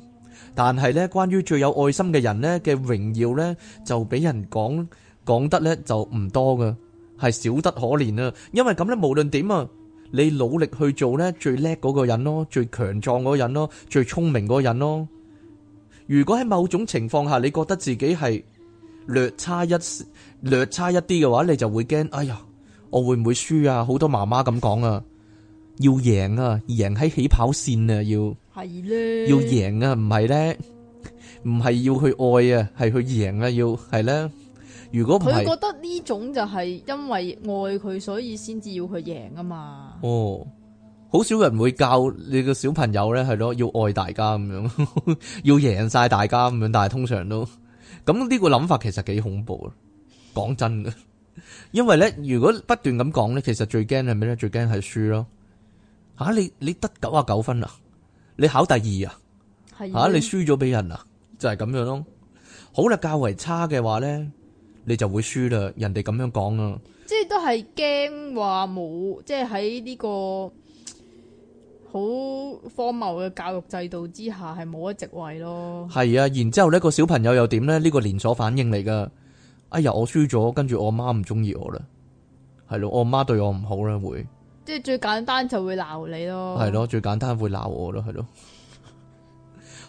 但係咧關於最有愛心嘅人呢嘅榮耀呢，就俾人講講得呢就唔多噶，係少得可憐啊！因為咁咧無論點啊，你努力去做呢最叻嗰個人咯，最強壯嗰個人咯，最聰明嗰個人咯。如果喺某種情況下，你覺得自己係略差一略差一啲嘅話，你就會驚，哎呀，我會唔會輸啊？好多媽媽咁講啊，要贏啊，贏喺起跑線啊，要係咧，呢要贏啊，唔係咧，唔係要去愛啊，係去贏啊，要係咧。如果佢覺得呢種就係因為愛佢，所以先至要佢贏啊嘛。哦。好少人會教你個小朋友咧，係咯，要愛大家咁樣， 要贏晒大家咁樣，但係通常都咁。呢個諗法其實幾恐怖啊！講真嘅，因為咧，如果不斷咁講咧，其實最驚係咩咧？最驚係輸咯。吓、啊、你你得九十九分啊，你考第二啊，吓的、啊、你輸咗俾人啊，就係、是、咁樣咯。好啦，較為差嘅話咧，你就會輸啦。人哋咁樣講啊，即係都係驚話冇，即係喺呢個。好荒謬嘅教育制度之下，係冇一席位咯。係啊，然之後咧、那個小朋友又點呢？呢、這個連鎖反應嚟噶。哎呀，我輸咗，跟住我媽唔中意我啦，係咯、啊，我媽對我唔好啦，會。即係最簡單就會鬧你咯。係咯、啊，最簡單會鬧我咯，係咯、啊。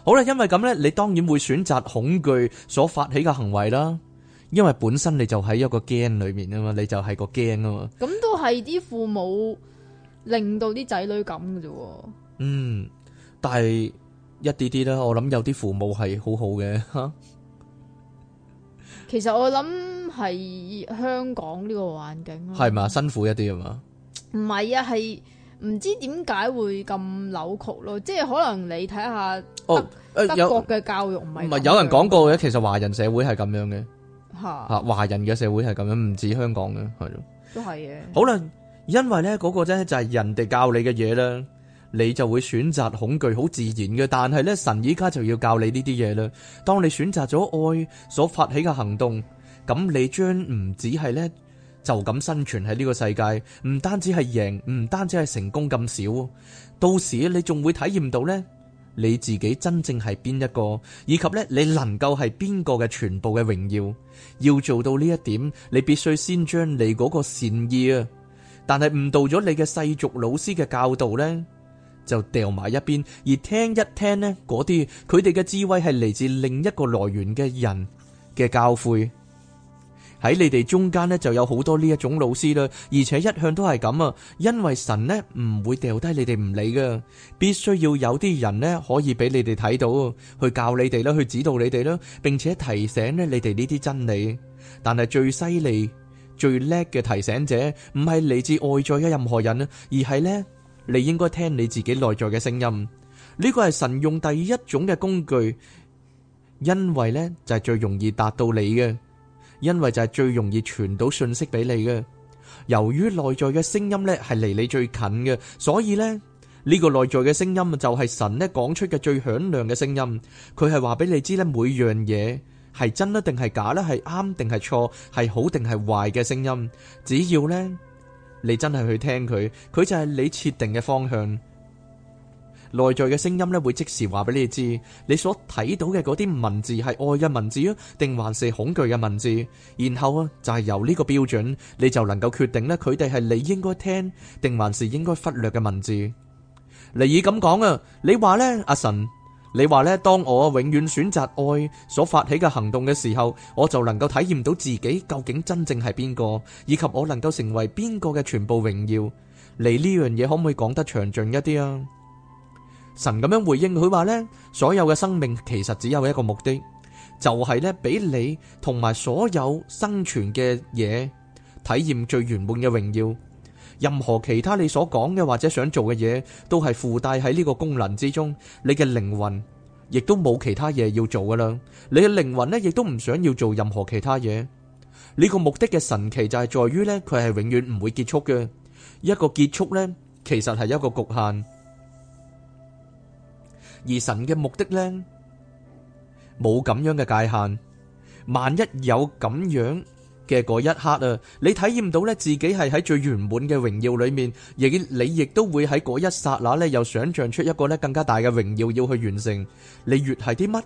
好啦、啊，因為咁呢，你當然會選擇恐懼所發起嘅行為啦。因為本身你就喺一個驚裏面啊嘛，你就係個驚啊嘛。咁都係啲父母。令到啲仔女咁嘅啫，嗯，但係一啲啲啦，我諗有啲父母係好好嘅吓。其實我諗係香港呢個環境，係嘛辛苦一啲啊嘛？唔係啊，係唔知點解會咁扭曲咯。即係可能你睇下德德國嘅教育唔係唔係有人講過嘅？其實華人社會係咁樣嘅吓，華人嘅社會係咁樣，唔似香港嘅係咯，都係嘅。好啦。因為咧嗰、那個咧就係人哋教你嘅嘢啦，你就會選擇恐懼，好自然嘅。但係咧神依家就要教你呢啲嘢啦。當你選擇咗愛所發起嘅行動，咁你將唔止係咧就咁生存喺呢個世界，唔單止係贏，唔單止係成功咁少。到時你仲會體驗到咧你自己真正係邊一個，以及咧你能夠係邊個嘅全部嘅榮耀。要做到呢一點，你必須先將你嗰個善意啊。但係誤導咗你嘅世俗老師嘅教導呢，就掉埋一邊，而聽一聽呢嗰啲佢哋嘅智慧係嚟自另一個來源嘅人嘅教誨，喺你哋中間呢就有好多呢一種老師啦，而且一向都係咁啊，因為神呢唔會掉低你哋唔理噶，必須要有啲人呢可以俾你哋睇到，去教你哋啦，去指導你哋啦，並且提醒呢你哋呢啲真理，但係最犀利。最叻嘅提醒者唔係嚟自外在嘅任何人咧，而係呢你應該聽你自己內在嘅聲音。呢個係神用第一種嘅工具，因為呢就係最容易達到你嘅，因為就係最容易傳到信息俾你嘅。由於內在嘅聲音呢係離你最近嘅，所以呢，呢個內在嘅聲音就係神呢講出嘅最響亮嘅聲音。佢係話俾你知呢每樣嘢。係真啦定係假啦，係啱定係錯，係好定係壞嘅聲音，只要呢，你真係去聽佢，佢就係你設定嘅方向。內在嘅聲音呢會即時話俾你知，你所睇到嘅嗰啲文字係愛嘅文字啊，定還是恐懼嘅文字？然後啊就係由呢個標準，你就能夠決定呢，佢哋係你應該聽定還是應該忽略嘅文字。嚟以咁講啊，你話呢，阿神。你話咧，當我永遠選擇愛所發起嘅行動嘅時候，我就能夠體驗到自己究竟真正係邊個，以及我能夠成為邊個嘅全部榮耀。你呢樣嘢可唔可以講得詳盡一啲啊？神咁樣回應佢話呢，所有嘅生命其實只有一個目的，就係咧俾，你同埋所有生存嘅嘢體驗最圓滿嘅榮耀。任何其他你所講的或者想做的東西，都是附帶在這個功能之中。你的靈魂也沒有其他東西要做㗎喇，你的靈魂也不想要做任何其他東西。這個目的的神奇就是在於它是永遠不會結束的。一個結束，其實是一個局限，而神的目的沒有這樣的界限。萬一有這樣嘅嗰一刻啊，你體驗到咧自己係喺最圓滿嘅榮耀裏面，亦你亦都會喺嗰一剎那咧，又想象出一個咧更加大嘅榮耀要去完成。你越係啲乜，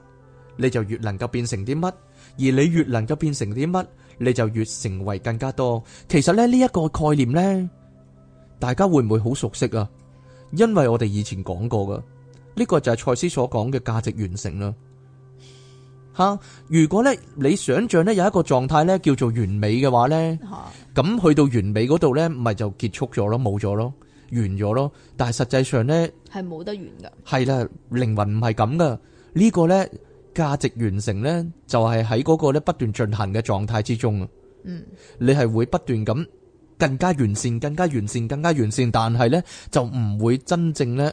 你就越能夠變成啲乜；而你越能夠變成啲乜，你就越成為更加多。其實咧呢一個概念呢，大家會唔會好熟悉啊？因為我哋以前講過噶，呢個就係賽斯所講嘅價值完成啦。吓，如果咧你想象咧有一個狀態咧叫做完美嘅話咧，咁哈去到完美嗰度咧，咪就結束咗咯，冇咗咯，完咗咯。但係實際上咧，係冇得完噶。係啦，靈魂唔係咁噶。呢個咧價值完成咧，就係喺嗰個咧不斷進行嘅狀態之中啊。嗯，你係會不斷咁更加完善、更加完善、更加完善，但係咧就唔會真正咧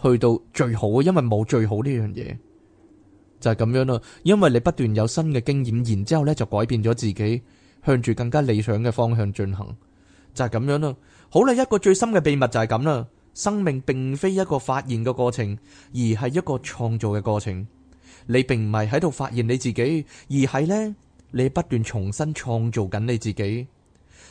去到最好，因為冇最好呢樣嘢。就係咁樣啦，因為你不斷有新嘅經驗，然之後咧就改變咗自己，向住更加理想嘅方向進行，就係咁樣啦。好啦，一個最深嘅秘密就係咁啦。生命並非一個發現嘅過程，而係一個創造嘅過程。你並唔係喺度發現你自己，而係呢，你不斷重新創造緊你自己。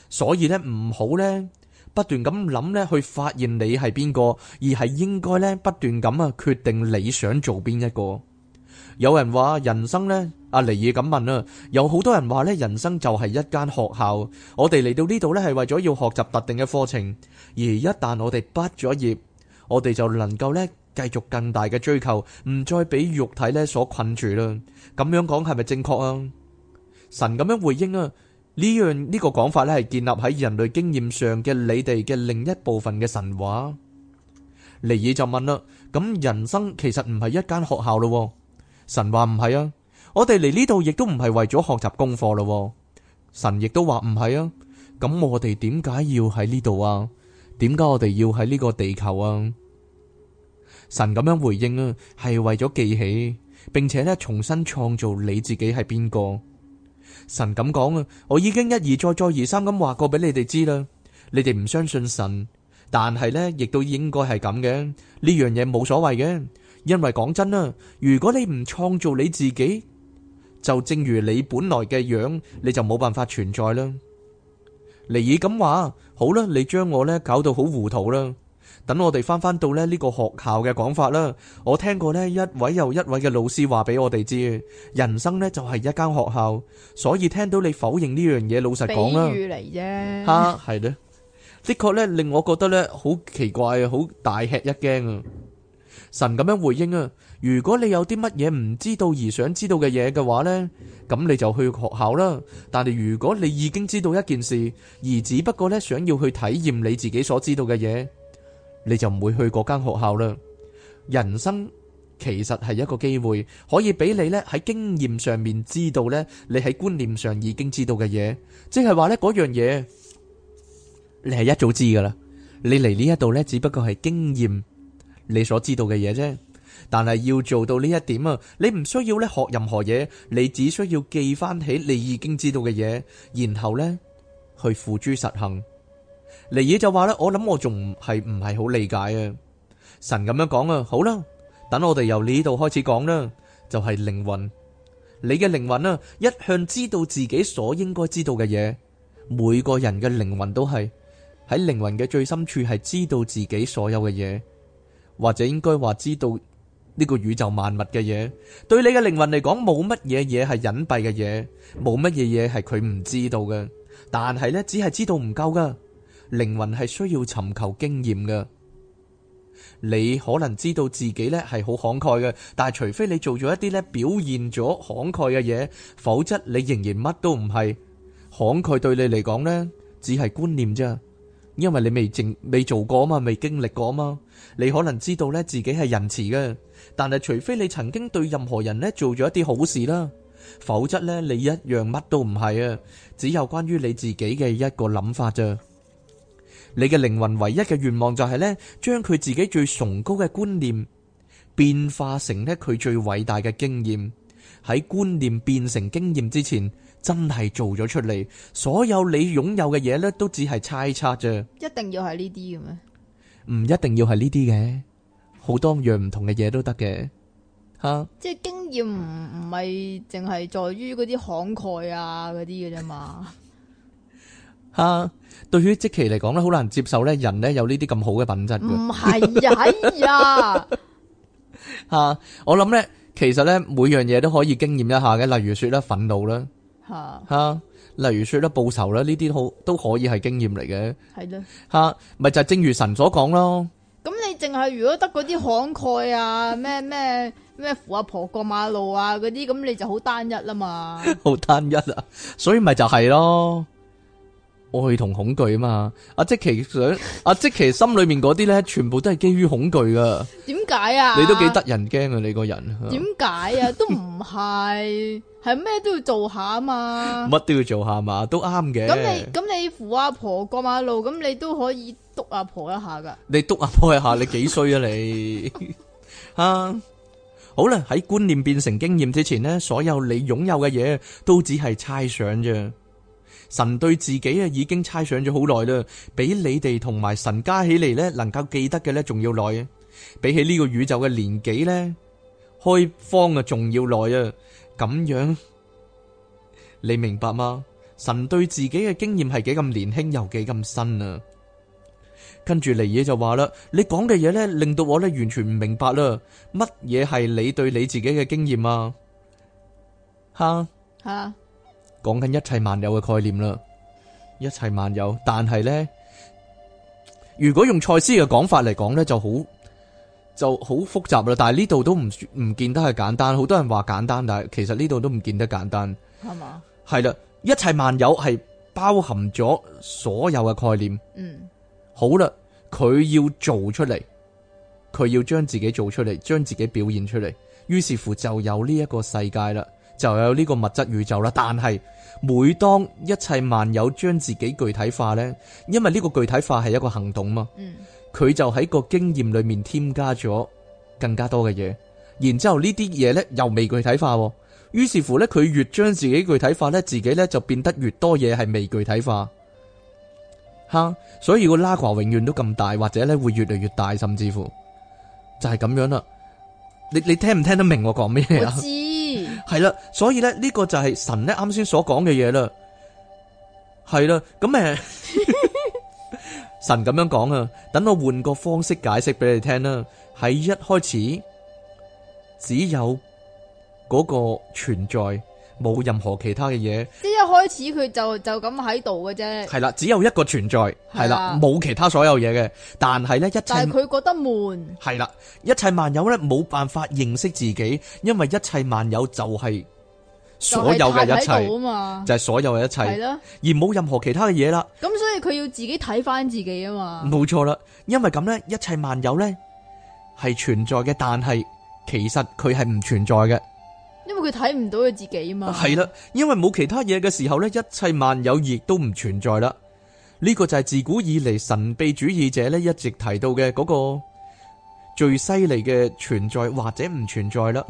所以咧唔好呢，不斷咁諗呢去發現你係邊個，而係應該呢不斷咁啊決定你想做邊一個。有人話人生咧，阿尼爾咁問啦，有好多人話咧，人生就係一間學校，我哋嚟到呢度咧係為咗要學習特定嘅課程，而一旦我哋畢咗業，我哋就能夠咧繼續更大嘅追求，唔再俾肉體咧所困住啦。咁樣講係咪正確啊？神咁樣回應啊，呢樣呢個講法咧係建立喺人類經驗上嘅你哋嘅另一部分嘅神話。尼爾就問啦，咁人生其實唔係一間學校咯。神話唔係啊，我哋嚟呢度亦都唔係為咗學習功課咯哦。神亦都話唔係啊，咁我哋點解要喺呢度啊？點解我哋要喺呢個地球啊？神咁樣回應啊，係為咗記起，並且咧重新創造你自己係邊個。神咁講啊，我已經一而再、再而三咁話過俾你哋知啦。你哋唔相信神，但係咧亦都應該係咁嘅，呢樣嘢冇所謂嘅。因為講真啦，如果你唔創造你自己，就正如你本來嘅樣，你就冇辦法存在啦。尼爾咁話，好啦，你將我咧搞到好糊塗啦。等我哋翻翻到咧呢個學校嘅講法啦，我聽過咧一位又一位嘅老師話俾我哋知，人生咧就係一間學校，所以聽到你否認呢樣嘢，老實講啦，比喻嚟啫。吓係咧，的確咧令我覺得咧好奇怪啊，好大吃一驚啊！神咁樣回應啊！如果你有啲乜嘢唔知道而想知道嘅嘢嘅話呢，咁你就去學校啦。但係如果你已經知道一件事，而只不過呢想要去體驗你自己所知道嘅嘢，你就唔會去嗰間學校啦。人生其實係一個機會，可以俾你呢喺經驗上面知道呢你喺觀念上已經知道嘅嘢，即係話呢嗰樣嘢你係一早知噶啦。你嚟呢一度呢，只不過係經驗。你所知道嘅嘢啫，但係要做到呢一點啊，你唔需要咧學任何嘢，你只需要記翻起你已經知道嘅嘢，然後呢，去付諸實行。尼爾就話啦，我諗我仲係唔係好理解啊。神咁樣講啊，好啦，等我哋由呢度開始講啦，就係靈魂。你嘅靈魂啊，一向知道自己所應該知道嘅嘢。每個人嘅靈魂都係喺靈魂嘅最深處係知道自己所有嘅嘢。或者應該話知道呢個宇宙萬物嘅嘢，對你嘅靈魂嚟講冇乜嘢嘢係隱蔽嘅嘢，冇乜嘢嘢係佢唔知道嘅。但係呢，只係知道唔夠噶，靈魂係需要尋求經驗噶。你可能知道自己呢係好慷慨嘅，但係除非你做咗一啲呢表現咗慷慨嘅嘢，否則你仍然乜都唔係。慷慨對你嚟講呢，只係觀念啫。因為你未淨未做過啊嘛，未經歷過啊嘛，你可能知道咧自己係仁慈嘅，但係除非你曾經對任何人咧做咗一啲好事啦，否則咧你一樣乜都唔係啊！只有關於你自己嘅一個諗法咋。你嘅靈魂唯一嘅願望就係咧，將佢自己最崇高嘅觀念變化成咧佢最偉大嘅經驗。喺觀念變成經驗之前。真係做咗出嚟，所有你擁有嘅嘢咧，都只係猜測啫。一定要係呢啲嘅咩？唔一定要係呢啲嘅，好多樣唔同嘅嘢都得嘅吓。即係經驗唔唔係淨係在於嗰啲慷慨啊嗰啲嘅啫嘛吓。對於即期嚟講咧，好難接受咧，人咧有呢啲咁好嘅品質。唔係呀呀吓，我諗咧，其實咧每樣嘢都可以經驗一下嘅，例如說咧憤怒啦。吓，例如說咧報仇咧，呢啲都好都可以係經驗嚟嘅。係咯的，吓咪就正如神所講咯。咁你淨係如果得嗰啲慷慨啊，咩咩咩扶阿婆過馬路啊嗰啲，咁你就好單一啦嘛。好 單一啊，所以咪就係咯。愛同恐懼啊嘛，阿即奇想， 阿即奇心裏面嗰啲咧，全部都係基於恐懼噶。點解啊？你都幾得人驚啊，你個人。點解啊？都唔係，係咩 都要做下啊嘛。乜 都要做下嘛，都啱嘅。咁你咁你扶阿婆過馬路，咁你都可以督阿婆婆一下噶。你督阿婆一下，你幾衰啊你？ 啊，好啦，喺觀念變成經驗之前咧，所有你擁有嘅嘢都只係猜想啫。神對自己啊已經猜想咗好耐啦，比你哋同埋神加起嚟咧，能夠記得嘅咧，仲要耐。比起呢個宇宙嘅年紀咧，開荒啊仲要耐啊。咁樣你明白嗎？神對自己嘅經驗係幾咁年輕又幾咁新啊？跟住尼爾就話啦，你講嘅嘢咧，令到我咧完全唔明白啦。乜嘢係你對你自己嘅經驗啊？吓吓。講緊一切萬有嘅概念啦，一切萬有，但係呢，如果用賽斯嘅講法嚟講呢，就好就好複雜啦。但係呢度都唔唔見得係簡單，好多人話簡單，但係其實呢度都唔見得簡單，係嘛嗎？係啦，一切萬有係包含咗所有嘅概念。嗯，好啦，佢要做出嚟，佢要將自己做出嚟，將自己表現出嚟，於是乎就有呢一個世界啦。就有呢個物質宇宙啦，但係每當一切萬有將自己具體化呢，因為呢個具體化係一個行動嘛，佢、嗯、就喺個經驗裏面添加咗更加多嘅嘢，然之後呢啲嘢呢又未具體化，於是乎呢，佢越將自己具體化呢，自己呢就變得越多嘢係未具體化，吓，所以個拉瓜永遠都咁大，或者呢會越嚟越大，甚至乎就係咁樣啦。你你聽唔聽得明我講咩？係啦，所以咧呢個就係神咧啱先所講嘅嘢啦。係啦，咁誒，嗯、 神咁樣講啊，等我換個方式解釋俾你聽啦。喺一開始，只有嗰個存在。冇任何其他嘅嘢，即一開始佢就就咁喺度嘅啫。係啦，只有一個存在，係啦的，冇其他所有嘢嘅。但係咧，一切佢覺得悶。係啦，一切萬有咧冇辦法認識自己，因為一切萬有就係所有嘅一切，就係喺度啊嘛，就係所有嘅一切，係咯的。而冇任何其他嘅嘢啦。咁所以佢要自己睇返自己啊嘛。冇錯啦，因為咁咧，一切萬有咧係存在嘅，但係其實佢係唔存在嘅。因為佢睇唔到佢自己啊嘛，係啦，因為冇其他嘢嘅時候咧，一切萬有亦都唔存在啦。呢個就係自古以嚟神秘主義者咧一直提到嘅嗰個最犀利嘅存在或者唔存在啦。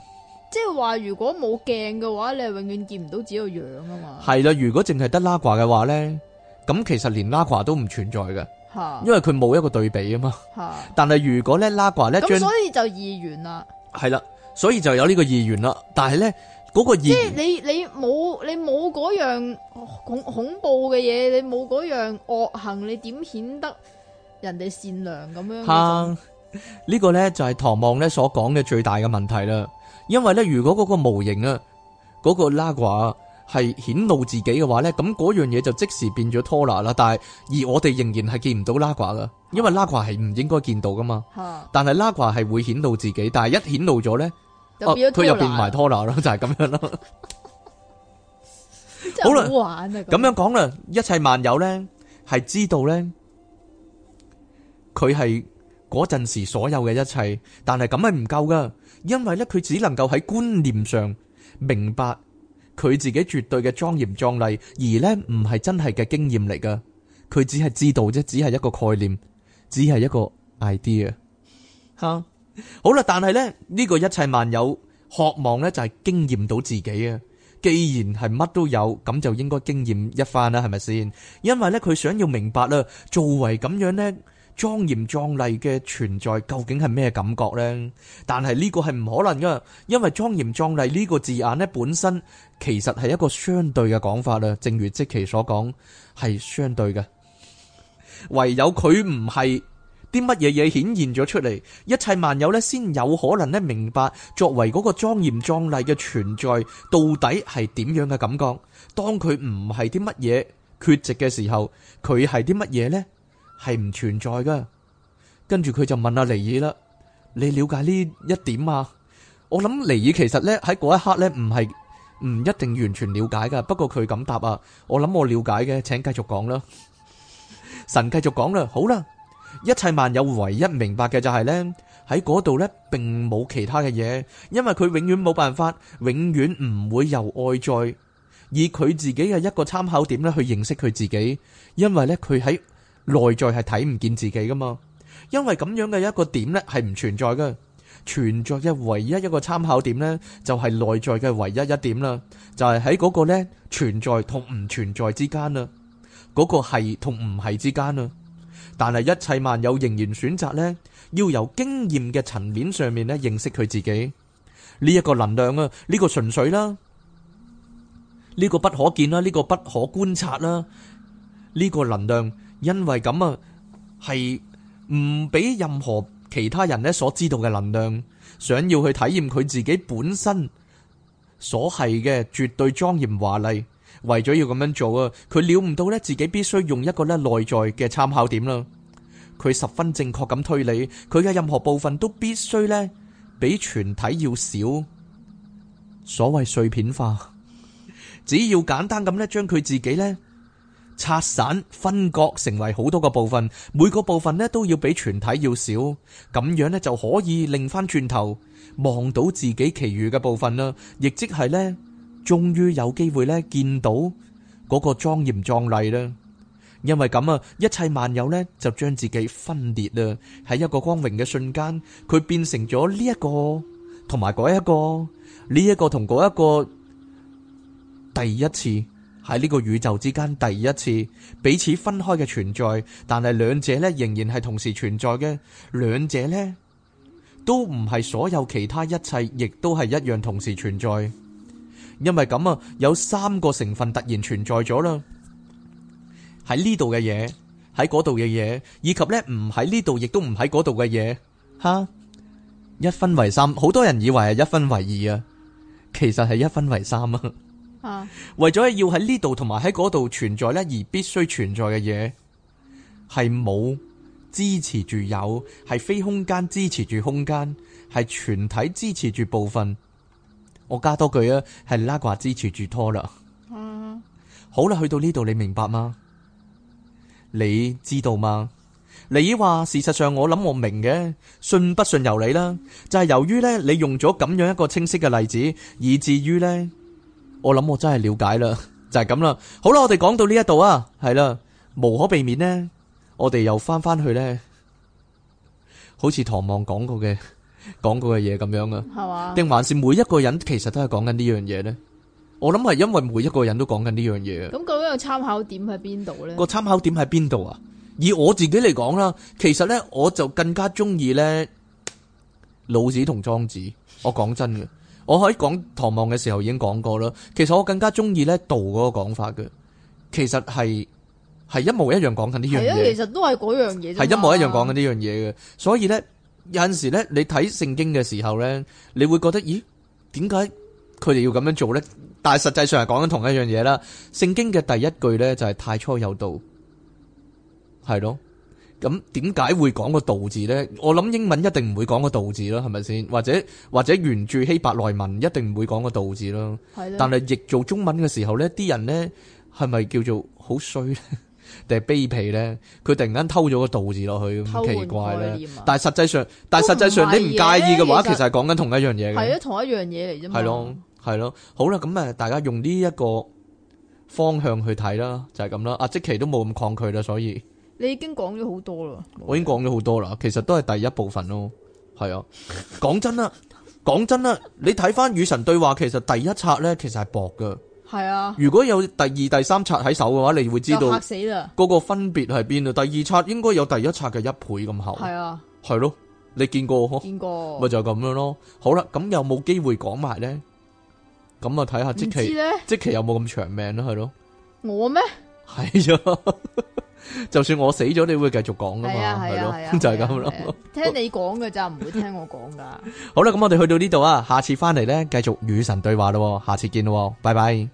即係話如果冇鏡嘅話，你係永遠見唔到自己個樣啊嘛。係啦，如果淨係得拉掛嘅話咧，咁其實連拉掛都唔存在嘅。吓的，因為佢冇一個對比啊嘛。吓的，但係如果咧拉掛咧，咁所以就二元啦。係啦。所以就有呢個意願啦，但係咧嗰個即係你你冇你冇嗰樣恐恐怖嘅嘢，你冇嗰樣惡行，你點顯得人哋善良咁樣？呢、啊這個咧就係唐望咧所講嘅最大嘅問題啦。因為咧，如果嗰個模型啊，嗰、那個拉掛係顯露自己嘅話咧，咁嗰樣嘢就即時變咗拖拉啦。但係而我哋仍然係見唔到拉掛噶，因為拉掛係唔應該見到噶嘛。啊、但係拉掛係會顯露自己，但係一顯露咗咧。佢又變埋拖拉咯，就係、是、咁樣咯。 好啦了，咁樣講啦，一切萬有呢，係知道呢，佢係嗰陣時所有嘅一切，但係咁係唔夠噶，因為呢，佢只能夠喺觀念上明白佢自己絕對嘅莊嚴壯麗，而呢，唔係真係嘅經驗嚟噶，佢只係知道啫，只係一個概念，只係一個 idea。吓。 好啦，但係呢，呢、呢個一切萬有渴望呢就係、是、經驗到自己啊！既然係乜都有，咁就應該經驗一番啦，係咪先？因為呢，佢想要明白啦，作為咁樣呢，莊嚴壯麗嘅存在，究竟係咩感覺呢？但係呢個係唔可能噶，因為莊嚴壯麗呢個字眼呢，本身其實係一個相對嘅講法啦，正如即其所講，係相對嘅，唯有佢唔係。啲乜嘢嘢顯現咗出嚟，一切萬有呢，先有可能呢明白作為嗰個莊嚴壯麗嘅存在到底係點樣嘅感覺。當佢唔係啲乜嘢缺席嘅時候，佢係啲乜嘢呢？係唔存在噶。跟住佢就問阿尼爾啦，你了解呢一點呀？我諗尼爾其實呢喺嗰一刻呢唔係唔一定完全了解噶。不過佢咁答啊，我諗我了解嘅，請繼續講啦。神繼續講啦，好啦。一切萬有唯一明白嘅就係呢。喺嗰度呢，並冇其他嘅嘢，因為佢永遠冇辦法，永遠唔會由外在以佢自己嘅一個參考點咧去認識佢自己，因為呢，佢喺內在係睇唔見自己噶嘛，因為咁樣嘅一個點咧係唔存在噶，存在嘅唯一一個參考點呢，就係內在嘅唯一一點啦，就係喺嗰個呢，存在同唔存在之間啦，嗰、嗰個係同唔係之間啦。但係一切萬有仍然選擇呢，要由經驗嘅層面上面呢認識佢自己。呢一個能量啊，呢個純粹啦，呢個不可見啦，呢個不可觀察啦。呢個能量因為咁啊，係唔俾任何其他人呢所知道嘅能量。想要去體驗佢自己本身所係嘅絕對莊嚴華麗。為咗要咁樣做啊，佢了唔到咧，自己必須用一個咧內在嘅參考點啦。佢十分正確咁推理，佢嘅任何部分都必須咧比全體要少。所謂碎片化，只要簡單咁咧，將佢自己咧拆散分割成為好多個部分，每個部分呢都要比全體要少，咁樣呢，就可以擰翻轉頭望到自己其餘嘅部分啦。亦即係呢。終於有機會咧見到嗰個莊嚴壯麗啦，因為咁啊，一切萬有呢，就將自己分裂啦，喺一個光榮嘅瞬間，佢變成咗呢一個同埋嗰一個，呢一個同嗰一個，第一次喺呢個宇宙之間，第一次彼此分開嘅存在，但係兩者呢，仍然係同時存在嘅，兩者呢，都唔係所有其他一切，亦都係一樣同時存在。因為咁啊，有三個成分突然存在咗啦，喺呢度嘅嘢，喺嗰度嘅嘢，以及呢唔喺呢度亦都唔喺嗰度嘅嘢，吓，一分為三。好多人以為係一分為二啊，其實係一分為三啊。啊為咗要喺呢度同埋喺嗰度存在呢，而必須存在嘅嘢，係冇支持住有，係非空間支持住空間，係全體支持住部分。我加多句啊，係拉掛支持住拖啦。嗯，好啦，去到呢度你明白嗎？你知道嗎？你話事實上我諗我明嘅，信不信由你啦。就係由於咧，你用咗咁樣一個清晰嘅例子，以至於咧，我諗我真係了解啦。就係咁啦。好啦，我哋講到呢一度啊，係啦，無可避免呢。我哋又翻翻去咧，好似唐望講過嘅。講過嘅嘢，咁樣啊，定係嘛？還是每一個人其實都係講緊呢樣嘢呢？我諗係因為每一個人都講緊呢樣嘢。咁究竟個參考點喺邊度呢？個參考點喺邊度啊？以我自己嚟講啦，其實呢，我就更加中意呢老子同莊子。我講真嘅，我喺講《唐望》嘅時候已經講過啦。其實我更加中意呢道嗰個講法嘅，其實係係一模一樣講緊呢樣嘢。其實都係嗰樣嘢，啊，係一模一樣講緊呢樣嘢嘅。所以呢。有陣時咧，你睇聖經嘅時候咧，你會覺得咦，點解佢哋要咁樣做咧？但係實際上係講緊同一樣嘢啦。聖經嘅第一句咧，就係太初有道，係咯。咁點解會講個道字咧？我諗英文一定唔會講個道字啦，係咪先？或者或者原著希伯來文一定唔會講個道字咯。係。但係譯做中文嘅時候咧，啲人咧係咪叫做好衰咧？定係卑鄙咧，佢突然間偷咗個道字落去，咁奇怪咧。但係實際上，不但係實際上你唔介意嘅話，其實係講緊同一樣嘢嘅。係啊，同一樣嘢嚟啫。係咯，係咯。好啦，咁啊，大家用呢一個方向去睇啦，就係咁啦。阿、啊、即奇都冇咁抗拒啦，所以你已經講咗好多啦。我已經講咗好多啦，其實都係第一部分咯。係啊，講 真啦，講真啦，你睇翻與神對話，其實第一冊咧，其實係薄嘅。係啊，如果有第二、第三冊喺手嘅話，你會知道吓死啦。嗰個分別係邊啊？第二冊應該有第一冊嘅一倍咁厚。係啊，係咯，你見過嗬？見過，咪就咁樣咯。好啦，咁有冇機會講埋咧？咁啊，睇下即期，即期有冇咁長命咯？係咯，我咩嗎？係啊是的。 就算我死咗，你會繼續講噶嘛？係啊，啊，啊，啊，啊 就係咁咯。聽你講嘅咋，唔會聽我講噶。 好啦，咁我哋去到呢度啊，下次翻嚟咧，繼續與神對話咯。下次見咯，拜拜。